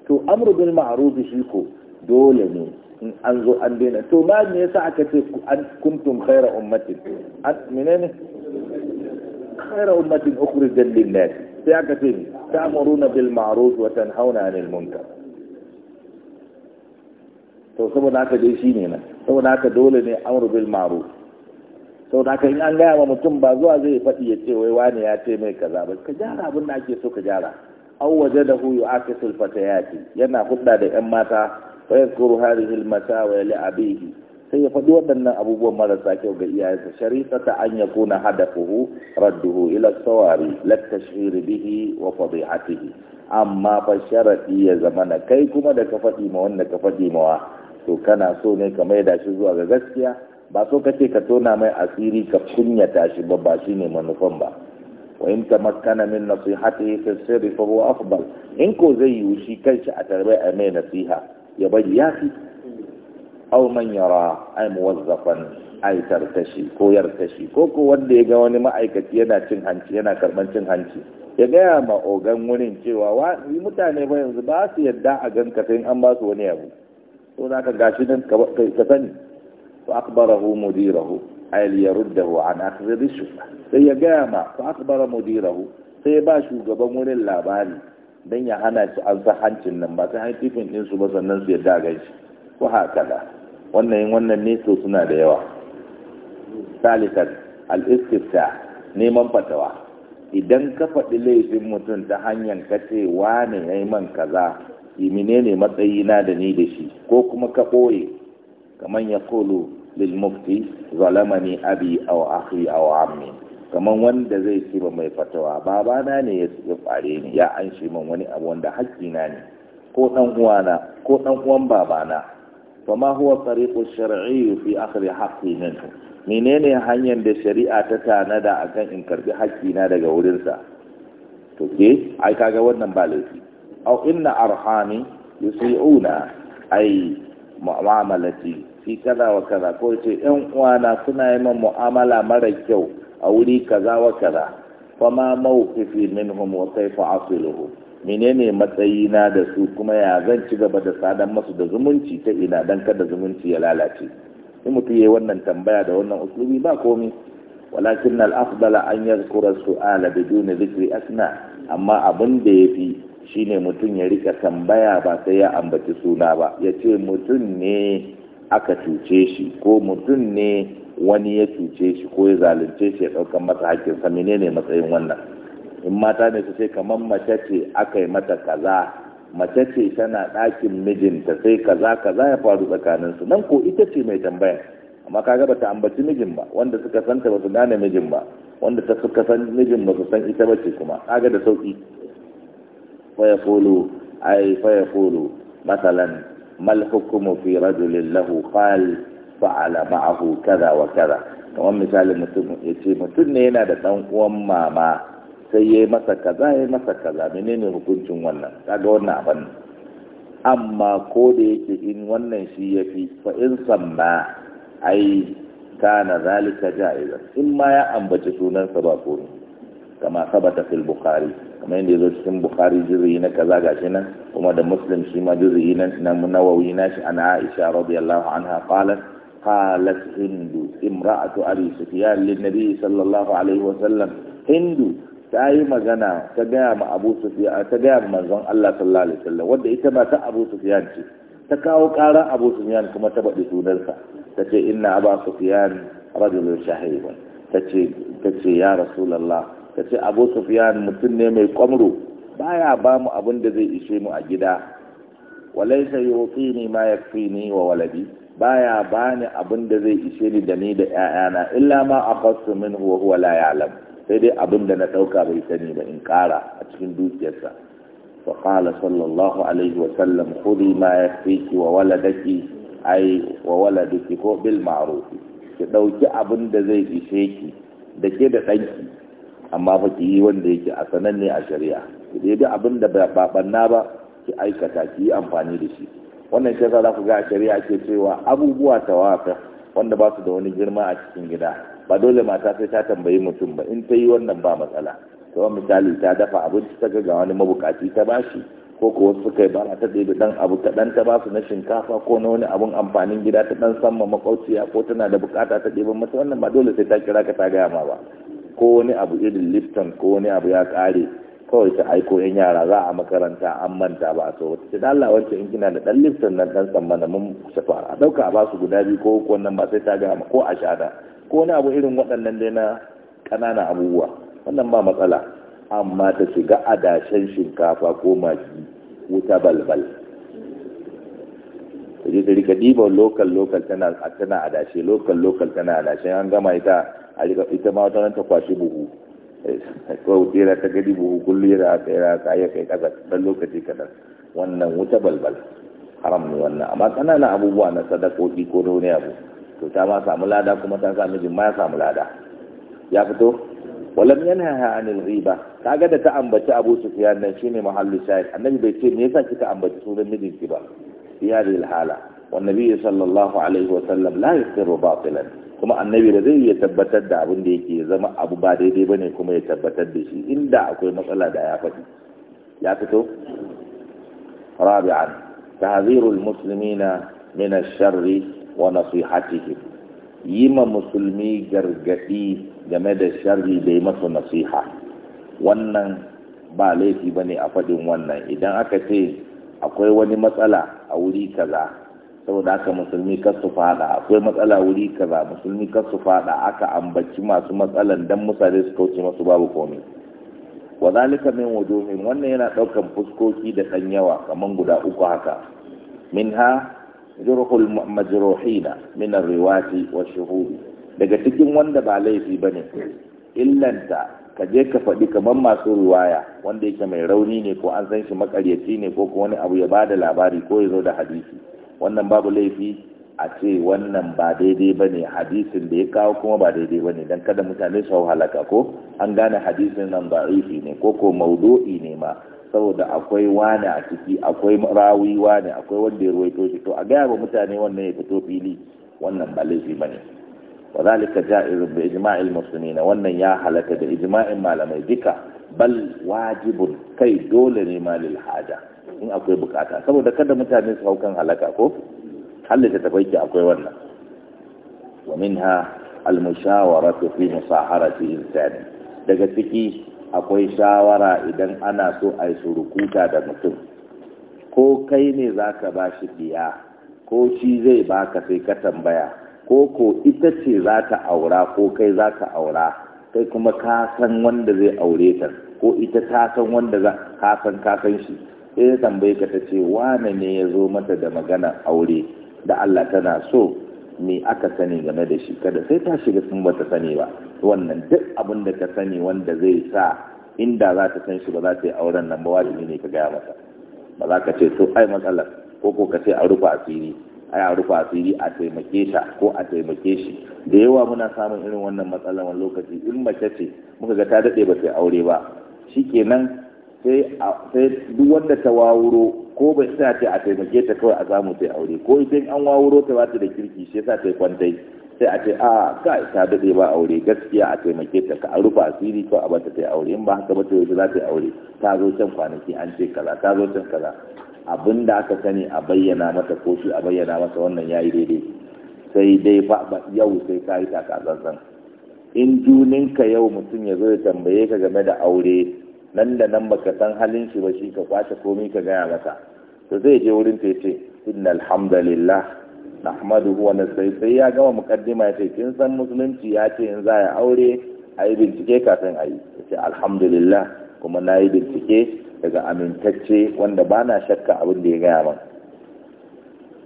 to amru bil ma'ruf shi ko dole ne in an zo an daina to ma me yasa aka ce an kuntum khaira ummatin an menene khaira ummatin ukhrijat lin nas sai aka ce ta'muruna bil ma'ruf wa tanhauna 'anil munkar to saboda haka dai shi ne nan saboda haka dole ne amru bil maru saboda haka in an gaya wa mutum ba zuwa zai faɗi ya ce wai wani ya ce mai kaza ba ka gyara abin da ake so ka gyara aka sulfa ta yaki yana hudda da yan mata wa kuru hari hilmata masawa abihi sai ya faɗi waɗannan abubuwan marasa kyau ga iyayensa shari'a ta an ya kuna hadafuhu radduhu ila sawari lattashhir bihi wa fadihatihi amma fa sharadi ya zama na kai kuma da ka faɗi ma wanda ka faɗi mawa to kana so ne ka maida shi zuwa ga gaskiya ba so kace ka tona mai asiri ka kunyata shi ba ba shine manufan ba wa in tamakkana min nasihatihi fi sirri fa huwa afdal in ko zai yi shi kanshi a tarbai a mai nasiha ya bari yafi aw man yara ay muwazzafan ay tartashi ko yartashi ko ko wanda ya ga wani ma'aikaci yana cin hanci yana karban cin hanci ya gaya ma ogan wurin cewa wa mutane ba yanzu ba su yadda a ganka sai an ba su wani abu ko za ka gashi nan ka sani fa akbarahu mudirahu ay liyaruddahu an akhdhi rishwa sai ya gaya ma fa akbara mudirahu sai ba shugaban wurin labari dan ya hana shi an sa hancin nan ba sai haififin din su ba sannan su yadda ga shi ko haka wannan wannan ne to suna da yawa salisan al-istifta neman fatawa idan ka faɗi laifin mutum ta hanyar kace ne ya yi man kaza Eh, menene matsayina da ni da shi ko kuma ka ɓoye kamar ya kolo lil mufti zalamani abi aw akhi aw ammi kamar wanda zai ce ba mai fatawa babana ne ya fare ni ya an shi man wani abu wanda haƙƙina ne ko ɗan uwana ko ɗan uwan babana fa ma huwa tariqu shar'i fi akhri haqqi minhu menene hanyar da shari'a ta tanada akan in karbi haƙƙina daga wurinsa to ke ai kaga wannan ba laifi أو إن أرحامي يسيئون أي معاملتي في كذا وكذا قلت إن وانا كنا إما معاملة مرة أولي كذا وكذا فما موقفي منهم وكيف أصله menene matsayina da su kuma ya zan ci gaba da sadan masu da zumunci ta ina dan kada zumunci ya lalace in mutum yayi wannan tambaya da wannan uslubi ba komi walakin al afdala an yadhkura su'ala bidun dhikri asna amma abin da yafi shine mutum ya rika tambaya ba sai ya ambaci suna ba ya ce mutum ne aka cuce shi ko mutum ne wani ya cuce shi ko ya zalunce shi ya ɗaukan masa ne ne matsayin wannan in mata ne su ce kamar mace ce aka yi mata kaza mace ce tana ɗakin mijinta sai kaza kaza ya faru tsakaninsu nan ko ita ce mai tambaya amma kaga bata ambaci mijin ba wanda suka santa ba su gane mijin ba wanda ta suka san mijin ba su san ita bace kuma kaga da sauki فيقول أي فيقول مثلا ما الحكم في رجل له قال فعل معه كذا وكذا kamar misali mutum ya ce mutum ne yana da ɗan uwan mama sai ya yi masa kaza ya yi masa kaza menene hukuncin wannan kaga wannan abin amma ko da yake in wannan shi ya fi fa in samma ai kana zalika ja'iza in ma ya ambaci sunansa ba ne kama sabata fil bukhari kamar yadda zo cikin bukhari juz'i na kaza ga shi nan kuma da muslim shi ma jirgi na nawawi na shi ana aisha radiyallahu anha qalat qalat hindu imra'atu abi sufyan lin nabi sallallahu alaihi wa sallam hindu ta yi magana ta gaya ma abu sufyan ta gaya ma manzon Allah sallallahu alaihi wa sallam wanda ita ba ta abu sufyan ce ta kawo karan abu sufyan kuma ta baɗi sunansa ta ce inna abu sufyan rajulun shahibun ta ce ya rasulallah ka ce abu sufiyan mutum ne mai kwamro baya ba mu abin da zai ishe mu a gida walaisa ne ma ni wa waladi baya bani abin da zai ishe ni da ni da 'ya'yana illa ma a kwasu min huwa la ya'lam sai dai abin da na ɗauka bai sani ba in ƙara a cikin dukiyarsa fa qala sallallahu alaihi wa sallam khudhi ma yakfiki wa waladaki ai wa waladiki ko bil ma'ruf ki ɗauki abin da zai ishe ki da ke da danki amma fa ki yi wanda yake a ne a shari'a idan da abin da ba banna ba ki aikata ki yi amfani da shi wannan shi za ku ga a shari'a ke cewa abubuwa tawafa wanda ba su da wani girma a cikin gida ba dole mata sai ta tambayi mutum ba in ta yi wannan ba matsala kamar misali ta dafa abinci ta ga wani mabukaci ta bashi ko ko wasu suka yi bara ta da ɗan abu ta dan ta ba su na shinkafa ko na wani abun amfanin gida ta dan samma makauciya ko tana da bukata ta ɗebi masa wannan ba dole sai ta kira ka ta gaya ma ba ko wani abu irin lifton ko wani abu ya kare kawai ta aiko yan yara za a makaranta an manta ba a tsohon ce Allah wacce in kina da dan lifton nan dan sammana mun safa a ɗauka a basu guda biyu ko ko wannan ba sai ta ga ko a shada ko wani abu irin waɗannan dai na ƙananan abubuwa wannan ba matsala amma ta shiga adashen shinkafa ko magi wuta balbal ta je ta rika ɗiban lokal lokal tana adashe lokal lokal tana adashe an gama ita alika riga ita ma wata ta kwashi buhu eh, ko tsira ta gadi buhu kullu ya da ya ka ya kai kaza dan lokaci kadan wannan wuta balbal haram ne wannan amma kananan abubuwa na sadakoki ko ne abu to ta ma samu lada kuma ta samu mijin ya samu lada ya fito walam yanha anil riba kaga da ta ambaci Abu Sufyan nan shine mahallu shahid annabi bai ce me yasa kika ambaci sunan mijinki ba ya hala wannan nabi sallallahu alaihi wa sallam la yasiru batilan kuma annabi da zai iya tabbatar da abin da yake zama abu ba daidai bane kuma ya tabbatar da shi inda akwai matsala da ya faɗi ya fito rabi'an tahzirul muslimina min ash-sharri wa nasihatihim yima musulmi gargadi game da sharri da yi masa nasiha wannan ba laifi bane a faɗin wannan idan aka ce akwai wani matsala a wuri kaza saboda haka musulmi kar su fada akwai matsala wuri kaza musulmi kar su fada aka ambaci masu matsalan dan mutane su kauce masu babu komai wa zalika min wujuhin wannan yana daukan fuskoki da dan yawa kaman guda uku haka minha jurhul majruhina min ar-riwati wa shuhud daga cikin wanda ba laifi bane illanta ka je ka faɗi kamar masu riwaya wanda yake mai rauni ne ko an san shi makaryaci ne ko wani abu ya bada labari ko ya zo da hadisi wannan babu laifi a ce wannan ba daidai ba ne hadisin da ya kawo kuma ba daidai ba ne don kada mutane su halaka ko an gane hadisin nan ba rufi ne ko ko maudu'i ne ma saboda akwai wane a ciki akwai rawi wane akwai wanda ya ruwaito shi to a gaya ba mutane wannan ya fito fili wannan ba laifi ba ne wa zalika ja'irun bi ijma'il muslimin wannan ya halaka da ijma'in malamai duka bal wajibun kai dole ne ma haja in akwai bukata saboda kada mutane su haukan halaka ko hallita tafaiki akwai wannan wa minha al fi musaharati insani daga ciki akwai shawara idan ana so a yi surukuta da mutum ko kai ne za ka ba shi biya ko shi zai baka sai ka tambaya ko ko ita ce za ta aura ko kai za ka aura kai kuma ka san wanda zai aure ta ko ita ta san wanda za ka san ka shi sai ya tambaye ka ta ce wane ne ya zo mata da magana aure da Allah tana so me aka sani game da shi kada sai ta shiga sun bata sani ba wannan duk abin da ka sani wanda zai sa inda za ta san shi ba za ta yi auren nan ba wajibi ne ka gaya mata? ba za ka ce to ai matsalar ko ko ka ce a rufe asiri ai a rufe asiri a taimake ta ko a taimake shi da yawa muna samun irin wannan matsalar wani lokaci in mace ce muka ga ta daɗe ba ta aure ba shikenan sai duk wanda ta wawuro ko bai sa ta a taimake ta kawai a samu sai aure ko idan an wawuro ta ba ta da kirki shi sa ta yi kwantai sai a ce a ka ta dade ba aure gaskiya a taimake ta ka a rufa asiri ko a bata ta aure in ba haka ba ta za ta yi aure ta zo can kwanaki an ce kaza ta zo can kaza abin da aka sani a bayyana mata ko shi a bayyana mata wannan yayi daidai sai dai fa yau sai ka yi taka in juninka yau mutum ya zo ya tambaye ka game da aure nan da nan baka san halin shi ba shi ka kwace komai ka gaya maka to zai je wurin ta yace innal hamdalillah nahmaduhu wa nasta'in sai ya gama mukaddima yace kin san musulunci ya ce in za ya aure ayi bincike kafin ayi yace alhamdulillah kuma nayi bincike daga amintacce wanda ba na shakka abin da ya gaya min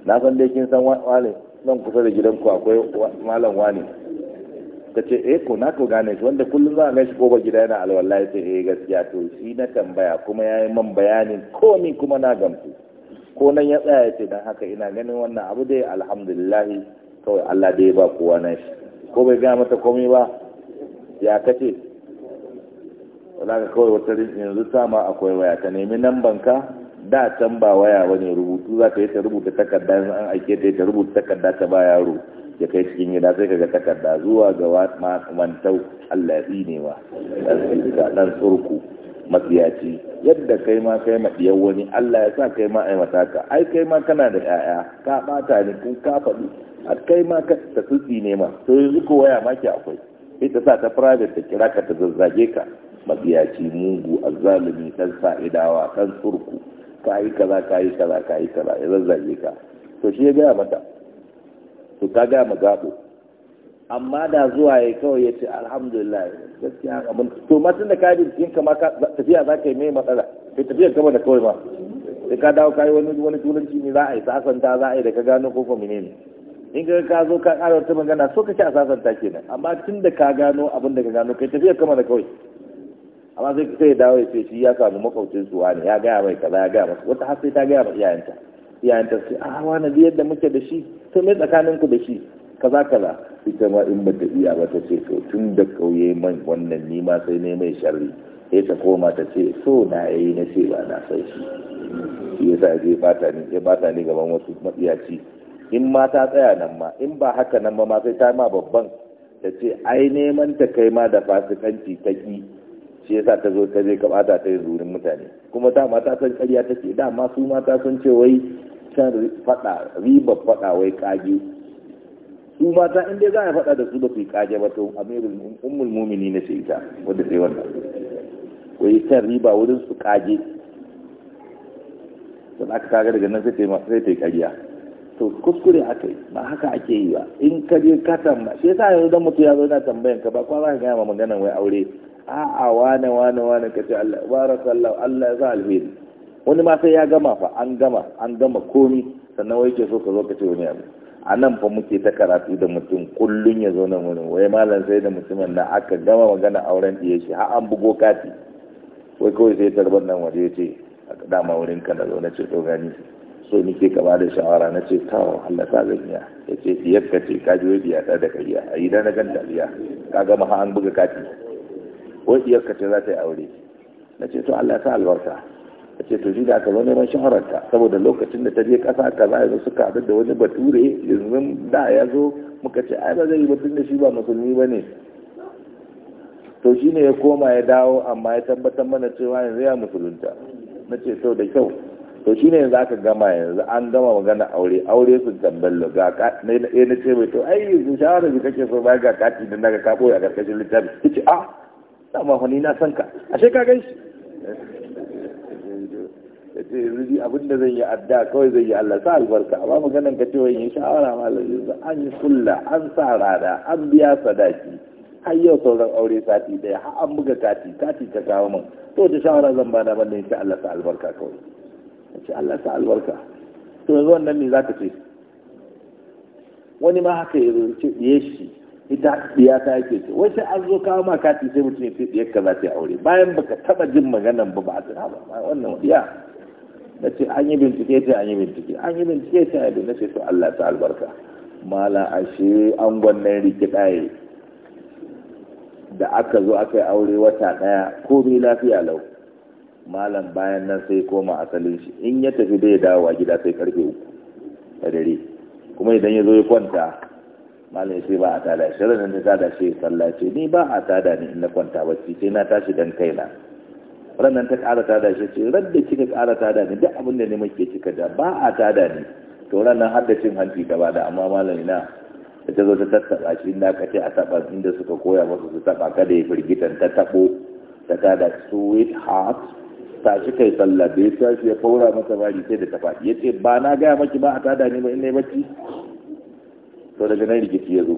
na san dai kin san wani nan kusa da gidanku akwai malam wani ka ce eh ko na ko gane shi wanda kullum za a gan shi ko ba gida yana alwala ya ce eh gaskiya to shi na tambaya kuma ya yi man bayanin komi kuma na gamsu ko nan ya tsaya ya ce don haka ina ganin wannan abu dai alhamdulillah kawai Allah dai ba kowa na shi ko bai gaya mata komi ba ya kace wala ka kawai wata yanzu sama akwai waya ta nemi nan ka. da can ba waya wani rubutu za ka yi ta rubuta takarda an aike ta ta rubuta takarda ta ba yaro ya kai cikin gida sai ga takarda zuwa ga mantau Allah ne wa ɗan surku matsiyaci yadda kai ma kai maɗiyar wani Allah ya sa kai ma ai mataka ai kai ma kana da 'ya'ya ka ɓata ne kun ka faɗi a kai ma ka ta tsutsi ne ma to yanzu ko waya ma ke akwai sai ta sa ta private ta kira ka ta zazzage ka matsiyaci mugu azzalumi ɗan sa'idawa ɗan surku ka yi kaza ka yi kaza ka yi kaza ya zazzage ka to shi ya gaya mata to ka gaya ma gado amma da zuwa ya kawai ya ce alhamdulillah gaskiya abin to ma tun da ka yi jikin kama tafiya za ka yi mai matsala kai tafiyar kama da kawai ma. sai ka dawo kai wani wani turanci ne za a yi sasanta za a yi da ka gano ko kuma ne in ka ka zo ka ƙara wata magana so kake a sasanta kenan amma tun da ka gano abin da ka gano kai tafiyar kama da kawai amma sai ka dawo ya ce shi ya samu makaucin suwa ne ya gaya mai kaza ya gaya masa wata har sai ta gaya ma iyayenta ya ta ce a ah, wana biyar da muke da shi to me tsakanin ku da shi kaza kaza ita ma in bata iya ba ta ce to tun da kauye man wannan ni ma sai ne mai sharri sai ta koma ta ce so na yayi na ce ba na sai shi shi yasa je bata ni gaban wasu matsiyaci in ma ta tsaya nan ma in ba haka nan ma ma sai ta ma babban ta ce ai neman ta kai ma da fasikanci ta ki shi yasa ta zo ta zai kamata ta yi zurin mutane kuma ta mata san ƙarya ce dama su mata san ce wai can faɗa riba faɗa wai kage su mata in dai za a faɗa da su ba su yi kage ba to amirul ummul mumini na ce ita wanda sai wannan wai can riba wurin su kage sun aka kaga daga nan sai ta yi ƙarya to kuskure aka yi ba haka ake yi ba in ka je ka tamba shi yasa yanzu dan mutu ya zo na tambayan ka ba kwa za ka gaya ma maganan wai aure a'a wane wane wane ka ce Allah barakallahu Allah ya sa alheri wani ma sai ya gama fa an gama an gama komi sannan wai ke so ka zo ka ce wani abu a nan fa muke ta karatu da mutum kullun ya zo nan wani wai malam sai da mutumin na aka gama magana auren ɗiye shi har an bugo kati wai kawai sai tarbar nan waje ya ce dama wurin ka na zo na ce to gani so ke ka bada shawara na ce kawo Allah ta zan ya ce diyar ka ce ka wai biya ta da kariya a yi da na gan dariya ka gama ha an buga kati wajiyar diyarka ce za ta yi aure na ce to Allah ta albarka a ce to shi da aka zo neman shahararta saboda lokacin da ta je kasa kaza yanzu suka haɗu da wani bature yanzu da ya zo muka ce ai ba zai yi batun da shi ba musulmi ba ne to shi ne ya koma ya dawo amma ya tabbatar mana cewa yanzu ya musulunta na ce to da kyau to shi ne yanzu aka gama yanzu an gama magana aure aure su tambello ga ka na ce mai to ai yanzu shawarar da kake so ba ga kati da naga ka boye a karkashin littafi ce a ah, dama fa ni na san ka ashe ka gan shi ce rubi zai yi adda kawai zai yi Allah sa albarka amma maganan ka ce wai in shawara malamin an yi kulla an sa rana an biya sadaki har yau sauran aure sati daya har an buga kati kati ta kawo min to ta shawara zan bada ban da insha Allah sa albarka kawai insha Allah sa albarka to yanzu wannan me zaka ce wani ma haka yazo ce diye shi ita ya ta yake ce wai an zo kawo ma kati sai mutum ya ce ka za ta aure bayan baka taba jin maganan ba ba a tsira ba wannan ya na ce an yi bincike ce an yi bincike an yi bincike ce a na ce to Allah ta albarka mala ashe an gwannan rikidaye da aka zo aka yi aure wata daya komai lafiya lau malam bayan nan sai koma asalin shi in ya tafi bai dawowa gida sai karfe uku a dare kuma idan ya zo ya kwanta malin sai ba a tada shi ranar da tada shi sallah ce ni ba a tada ni in na kwanta bacci sai na tashi dan kaina ranar ta kara tada shi ce ran da kika kara tada ni duk abin da ne muke kika da ba a tada ni to ranar har da cin hanci ta bada amma malin na da ta zo ta tattaba shi inda ka ce a taɓa inda suka koya masa su taba kada ya firgitan ta tabo ta tada sweet heart ta shi kai sallah da ya tashi ya faura masa bari sai da ta ya ce ba na gaya maki ba a tada ni ba inda ya bacci to da nan rikici ya zo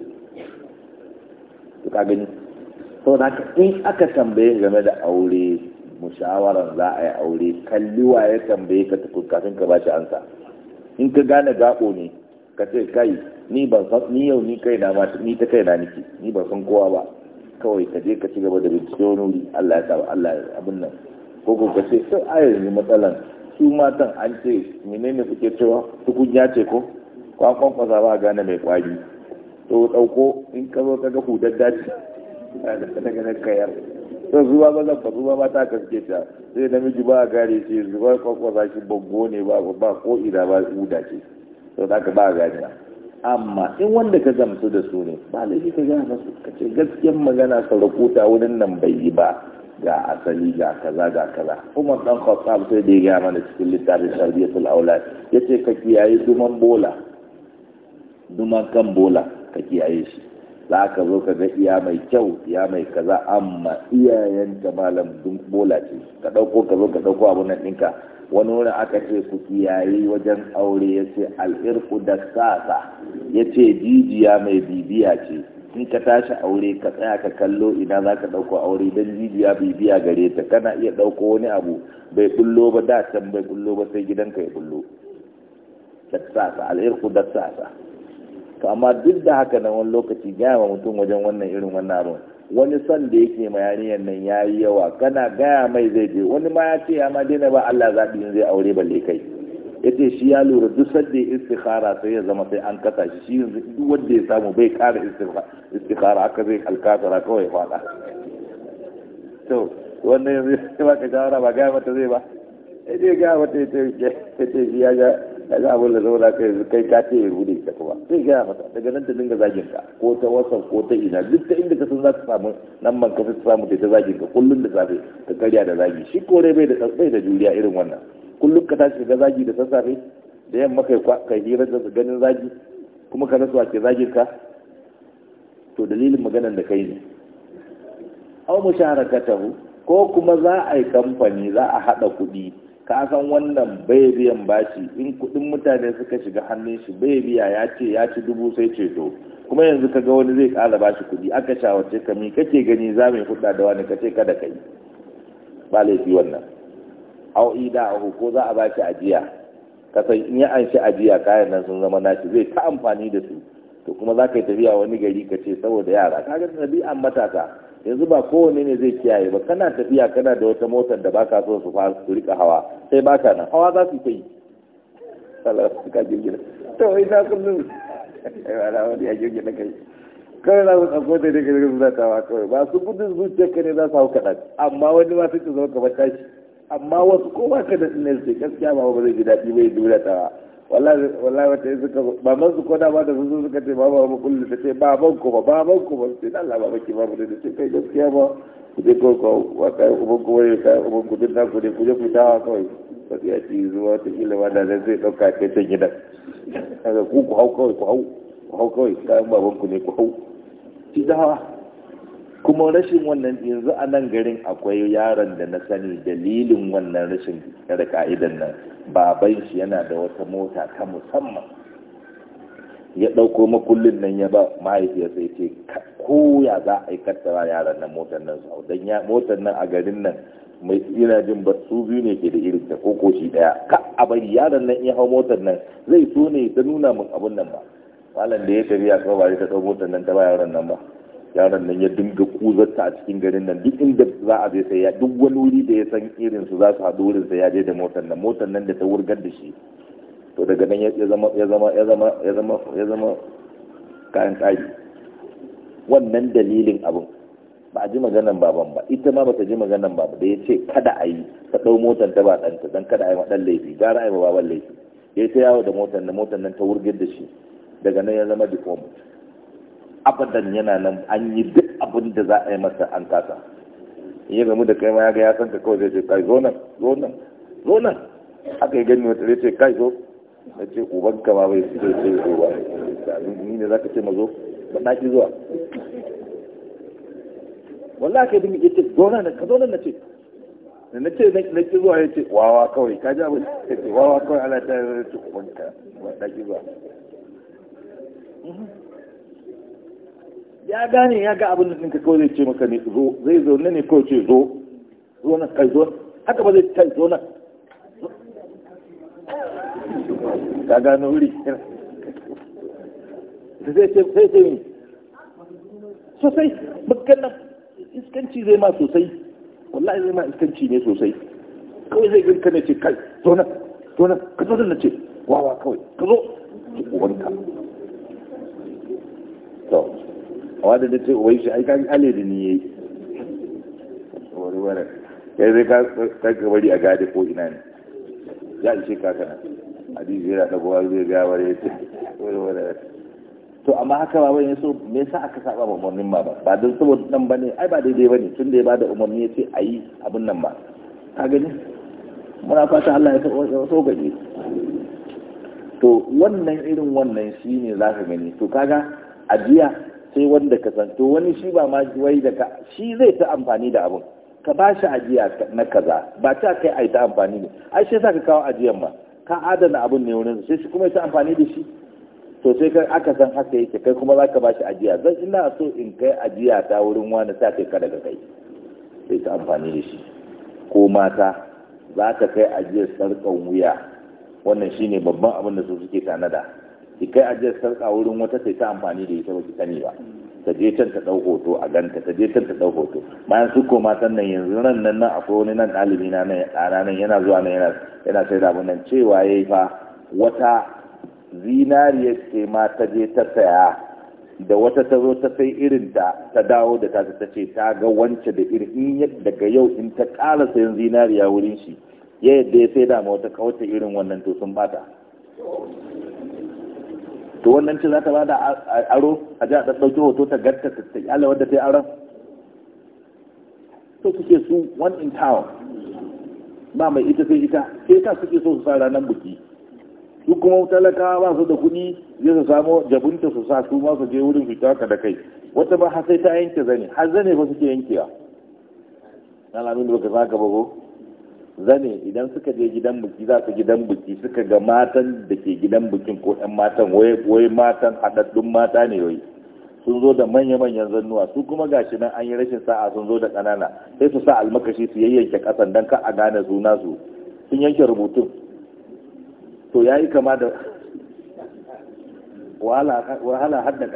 to ka gani to da in aka tambaye game da aure mushawaran za a yi aure kalli wa ya tambaye ka tafi kafin ka bashi ansa in ka gane gaɓo ne ka ce kai ni ban san ni yau ni kai na ma ni ta kai na niki ni ban san kowa ba kawai ka je ka ci gaba da bincike wani wuri Allah ya sa Allah abin nan ko ko ka ce sai a yanzu matsalan su matan an ce menene kuke cewa tukunya ce ko kwakwan kwasa ba gane mai kwari to dauko in ka zo ka ga hudar daji da ta ganin kayar to zuwa ba zan fasu ba ta kaske ta sai namiji ba a gane ce zuwa kwakwasa shi bango ne ba ba ko ina ba huda ce to da ka ba a gane amma in wanda ka zamsu da su ne ba shi ka gaya masu ka ce gasken magana rakuta wurin nan bai yi ba ga asali ga kaza ga kaza umar dan khattab sai da ya gaya mana cikin littafin sarbiyatul aulad yace ka kiyaye duman bola duman kan bola ka kiyaye shi za ka zo ka ga iya mai kyau iya mai kaza amma iyayenta malam dun bola ce ka ɗauko ka zo ka ɗauko abu nan ɗinka wani wurin aka ce ku kiyaye wajen aure ya ce al'irku da sasa ya ce jijiya mai bibiya ce in ka tashi aure ka tsaya ka kallo ina za ka ɗauko aure don jijiya bibiya gare ta kana iya ɗauko wani abu bai bullo ba da can bai bullo ba sai gidanka ya bullo da sasa al'irku da sasa to amma duk da haka nan wani lokaci gaya wa mutum wajen wannan irin wannan abin wani son da yake ma yarinyar nan ya yi yawa kana gaya mai zai je wani ma ya ce ya ma daina ba Allah zaɓi in zai aure balle kai ya ce shi ya lura duk sadda istikhara sai ya zama sai an kasa shi shi duk wanda ya samu bai ƙara istikhara haka zai alkasara kawai faɗa to wannan yanzu ya ba ka shawara ba gaya mata zai ba ya ce gaya mata ya ce shi ya daga abin da zama ka yanzu kai ka ce ya rude ka kuma sai gaya mata daga nan ta dinga zagin ka ko ta wasan ko ta ina duk ta inda ka san za ka samu nan man ka ta samu ta zagin ka kullum da safe ka karya da zagi shi kore bai da bai da juriya irin wannan kullum ka tashi ga zagi da sassafe da yamma kai kai hira da ganin zagi kuma ka a ke zagin ka to dalilin maganar da kai ne au musharakatahu ko kuma za a yi kamfani za a haɗa kuɗi ka san wannan bai biyan bashi in kudin mutane suka shiga hannun shi bai biya ya ce ya ci dubu sai ceto kuma yanzu ka ga wani zai kara bashi kuɗi aka shawarce ka mi kake gani za mu hudda da wani kace kada kai ba laifi wannan au ida au ko za a bashi ajiya ka san in ya shi ajiya kayan nan sun zama nashi zai ta amfani da su to kuma za ka yi tafiya wani gari ka ce saboda yara ka kaga ɗabi'an matasa yanzu ba kowane ne zai kiyaye ba kana tafiya kana da wata motar da baka so su su rika hawa sai baka nan hawa za su yi Allah su ka jirgin to wai na kullum wala wani ya jirgin na kai kawai za su tsako da daga daga zuwa tawa kawai ba su gudun zuciyar ka ne za su hau kaɗan amma wani ma sai ka zama kamar tashi amma wasu ko ba ka da ne sai gaskiya ba ba zai ji daɗi bai zuwa ba. wallahi wata yi suka baban su koda ba da sun zo suka ce baba mu kullu ta ce baban ko ba baban ku ba sai Allah baba ki babu da ce kai gaskiya ba ku je ko ko wa kai uban ku wai ka uban ku din na ku je ku dawa kawai sai ya ci zuwa ta kila wanda zai zai dauka kai ta gidan kaga ku ku hau kawai ku hau ku hau kawai kai baban ku ne ku hau ci dawa kuma rashin wannan yanzu a nan garin akwai yaron da na sani dalilin wannan rashin da ka'idan nan baban shi yana da wata mota ta musamman ya ɗauko makullin nan ya ba mahaifiyar sai ce koya za a yi kattara yaran nan motar nan sau don ya motar nan a garin nan mai ina jin ba su biyu ne ke da irin ta ko shi daya ka a bari yaran nan ya hau motar nan zai so ne ta nuna min abun nan ba malam da ya tafiya kawai ba ta ɗau motar nan ta ba yaran nan ba yaron nan ya dinga kuzarta a cikin garin nan duk inda za a je sai ya duk wani wuri da ya san irin su za su haɗu wurin sai ya je da motar nan motar nan da ta wurgar da shi to daga nan ya zama ya zama ya zama ya zama ya zama kayan tsari wannan dalilin abin ba a ji maganan baban ba ita ma bata ji maganan baba da ya ce kada a yi ta ɗau motar ta ba ɗanta don kada a yi ma ɗan laifi gara a yi ma baban laifi ya yi ta yawo da motar nan motar nan ta wurgar da shi daga nan ya zama deformed abadan yana nan an yi duk abin da za a yi masa an kasa ya gamu da kai ma ya ga ya san ka kawai zai ce kai zo nan zo nan zo nan aka yi gani wata zai ce kai zo na ce uban ka ma bai ce ce zo ba ni ne za ka ce mazo ba na ki zuwa wallah ka dinga ita zo nan ka zo nan na ce da na ce na ki zuwa ya ce wawa kawai ka ji abin ka ce wawa kawai ala ta yi zai ce uban ka ba na ki zuwa ya gane ya ga abin da sun kawai zai ce maka ne zo zai zo ne kawai ce zo zo na kai zo haka ba zai kai zo na ka gano wuri da zai ce sai ce ne sosai bakan nan iskanci zai ma sosai wallahi zai ma iskanci ne sosai kawai zai ganka ne ce kai zo na zo na ka zo na ce wawa kawai ka zo ki ka a wadda da ce wai shi aika ale da ni yayi wani wani kai zai ka bari a gadi ko ina ne ya ishe ka kana hadisi yana da gowa zai ga wani yace wani wani to amma haka ba ya so me yasa aka saba ba umarnin ba ba don saboda nan bane ai ba daidai bane tun da ya bada umarni ya ce a yi abin nan ba ka gani muna fata Allah ya so gaje to wannan irin wannan shine zaka gani to kaga ajiya sai wanda ka zanto wani shi ba ma wai da ka shi zai ta amfani da abun ka ba shi ajiya na kaza ba ta kai ai ta amfani ne ai sai sa ka kawo ajiyan ma ka adana abun ne wurin sai shi kuma ya ta amfani da shi to sai ka aka san haka yake kai kuma zaka ba shi ajiya zan ina so in kai ajiya ta wurin wani sai kai ka daga kai sai ta amfani da shi ko mata za ka kai ajiyar sarkan wuya wannan shine babban abin da su suke tanada ki kai ajiyar sarka wurin wata sai ta amfani da ita ba sani ba ta je can ta dau hoto a ganta ta je can ta dau hoto bayan su koma sannan yanzu nan nan nan akwai wani nan ɗalibi na nan yana zuwa nan yana yana sai da nan cewa yayi fa wata zinariya ce ma ta je ta saya da wata ta zo ta sai irin ta ta dawo da ta ta ce ta ga wance da irin daga yau in ta ƙara sayan zinariya wurin shi ya yadda ya sai da ma wata kawace irin wannan to sun bata to wannan ce za ta bada aro a ji a ɗaɗɗauki hoto ta gata ta ta yala wadda ta yi aron su suke su one in town ba mai ita sai ita sai ta suke so su sa ranar buki su kuma talaka ba su da kuɗi zai su samo jabinta su sa su ma su je wurin fita ka da kai wata ba har sai ta yanke zane har zane ba suke yankewa na lamin da baka saka ba zane idan suka je gidan biki za su gidan biki suka ga matan da ke gidan bukin ko ɗan matan wai matan haɗaɗɗun mata ne wai sun zo da manya-manyan zannuwa su kuma gashi nan an yi rashin sa'a sun zo da ƙanana sai su sa almakashi su yayyanke ƙasan don ka a gane suna su sun yanke rubutun to ya yi kama da wahala har ƙari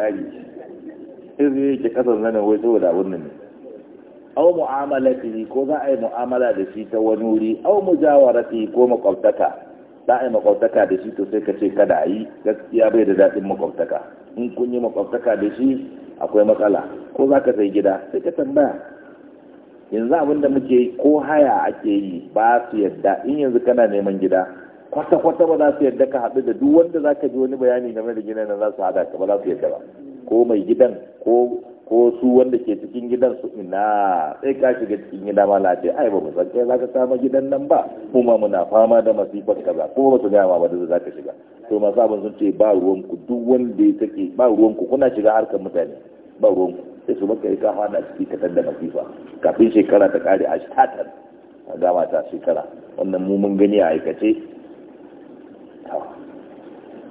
sai su yayyanke ƙasan zanen wai saboda abin nan ne aw mu'amalatihi ko za a yi mu'amala da shi ta wani wuri aw mujawarati ko makwabtaka za a yi makwabtaka da shi to sai ka ce kada ayi yi gaskiya bai da daɗin makwabtaka in kun yi makwabtaka da shi akwai matsala ko za ka sai gida sai ka tambaya yanzu abin muke ko haya ake yi ba su yadda in yanzu kana neman gida kwata-kwata ba za su yadda ka haɗu da duk wanda za ka ji wani bayani game da gidan nan za su haɗa ka ba za su yadda ba ko mai gidan ko ko su wanda ke cikin gidan su ina sai ka shiga cikin gida ma lafi ai ba mu san kai zaka samu gidan nan ba mu ma muna fama da masifar kaza ko ba su ga ma ba da zaka shiga to ma sabon sun ce ba ruwan ku duk wanda ya take ba ruwan ku kuna shiga harkar mutane ba ruwan ku sai su baka ka fada ciki ka tada masifa kafin shekara ta kare a shatar a gama ta shekara wannan mu mun gani a aikace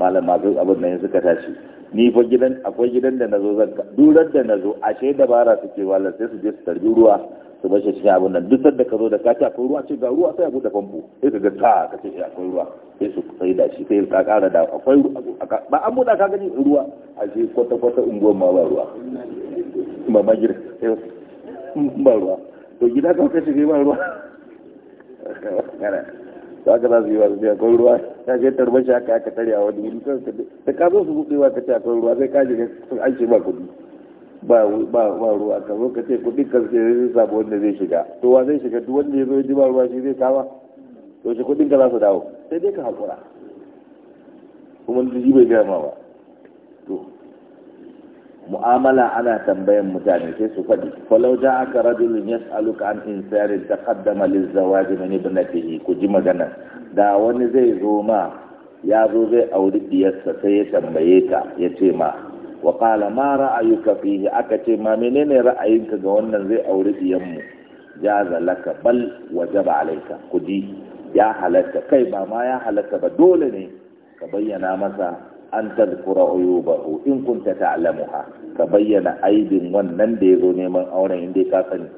malam masu abin nan suka tashi ni fa gidan akwai gidan da nazo zan ka durar da nazo a da bara su suke wallan sai su je su tarbi ruwa su bar shi cikin abin nan duk da ka zo da ka ta akwai ruwa ce ga ruwa sai a bude famfo sai ka ga ta ka ce eh, akwai ruwa sai su sai da shi sai ka kara da akwai ba an buɗa ka gani ruwa a ce kwata kwata unguwar ma ba ruwa ba ma gida eh, ba ruwa to gida ka kai shi ba ruwa to aka zai su yi wa su akwai ruwa ta je tarbashi haka aka tare a wani wuri da ka zo su buɗewa ka ce akwai ruwa sai ka je sun an ce ba kuɗi ba ruwa ka zo ka ce kuɗi ka ce zai samu wanda zai shiga to wa zai shiga duk wanda ya zo ya ji ba ruwa shi zai kama to shi kuɗin ka za su dawo sai dai ka haƙura kuma duk bai gama ba to mu'amala ana tambayan mutane sai su faɗi falau ja aka rajulun yas'aluka an insari taqaddama lizzawaji min ibnatihi ku ji magana da wani zai zo ma ya zo zai auri diyarsa sai ya tambaye ta ya ce ma wa qala ma ra'ayuka fihi aka ce ma menene ra'ayinka ga wannan zai auri diyan mu jaza laka bal wajaba alayka ku ji ya halatta kai ba ma ya halatta ba dole ne ka bayyana masa an tazkura uyubahu in kunta ta'lamuha ka bayyana aibin wannan da yazo neman auren inda ka sani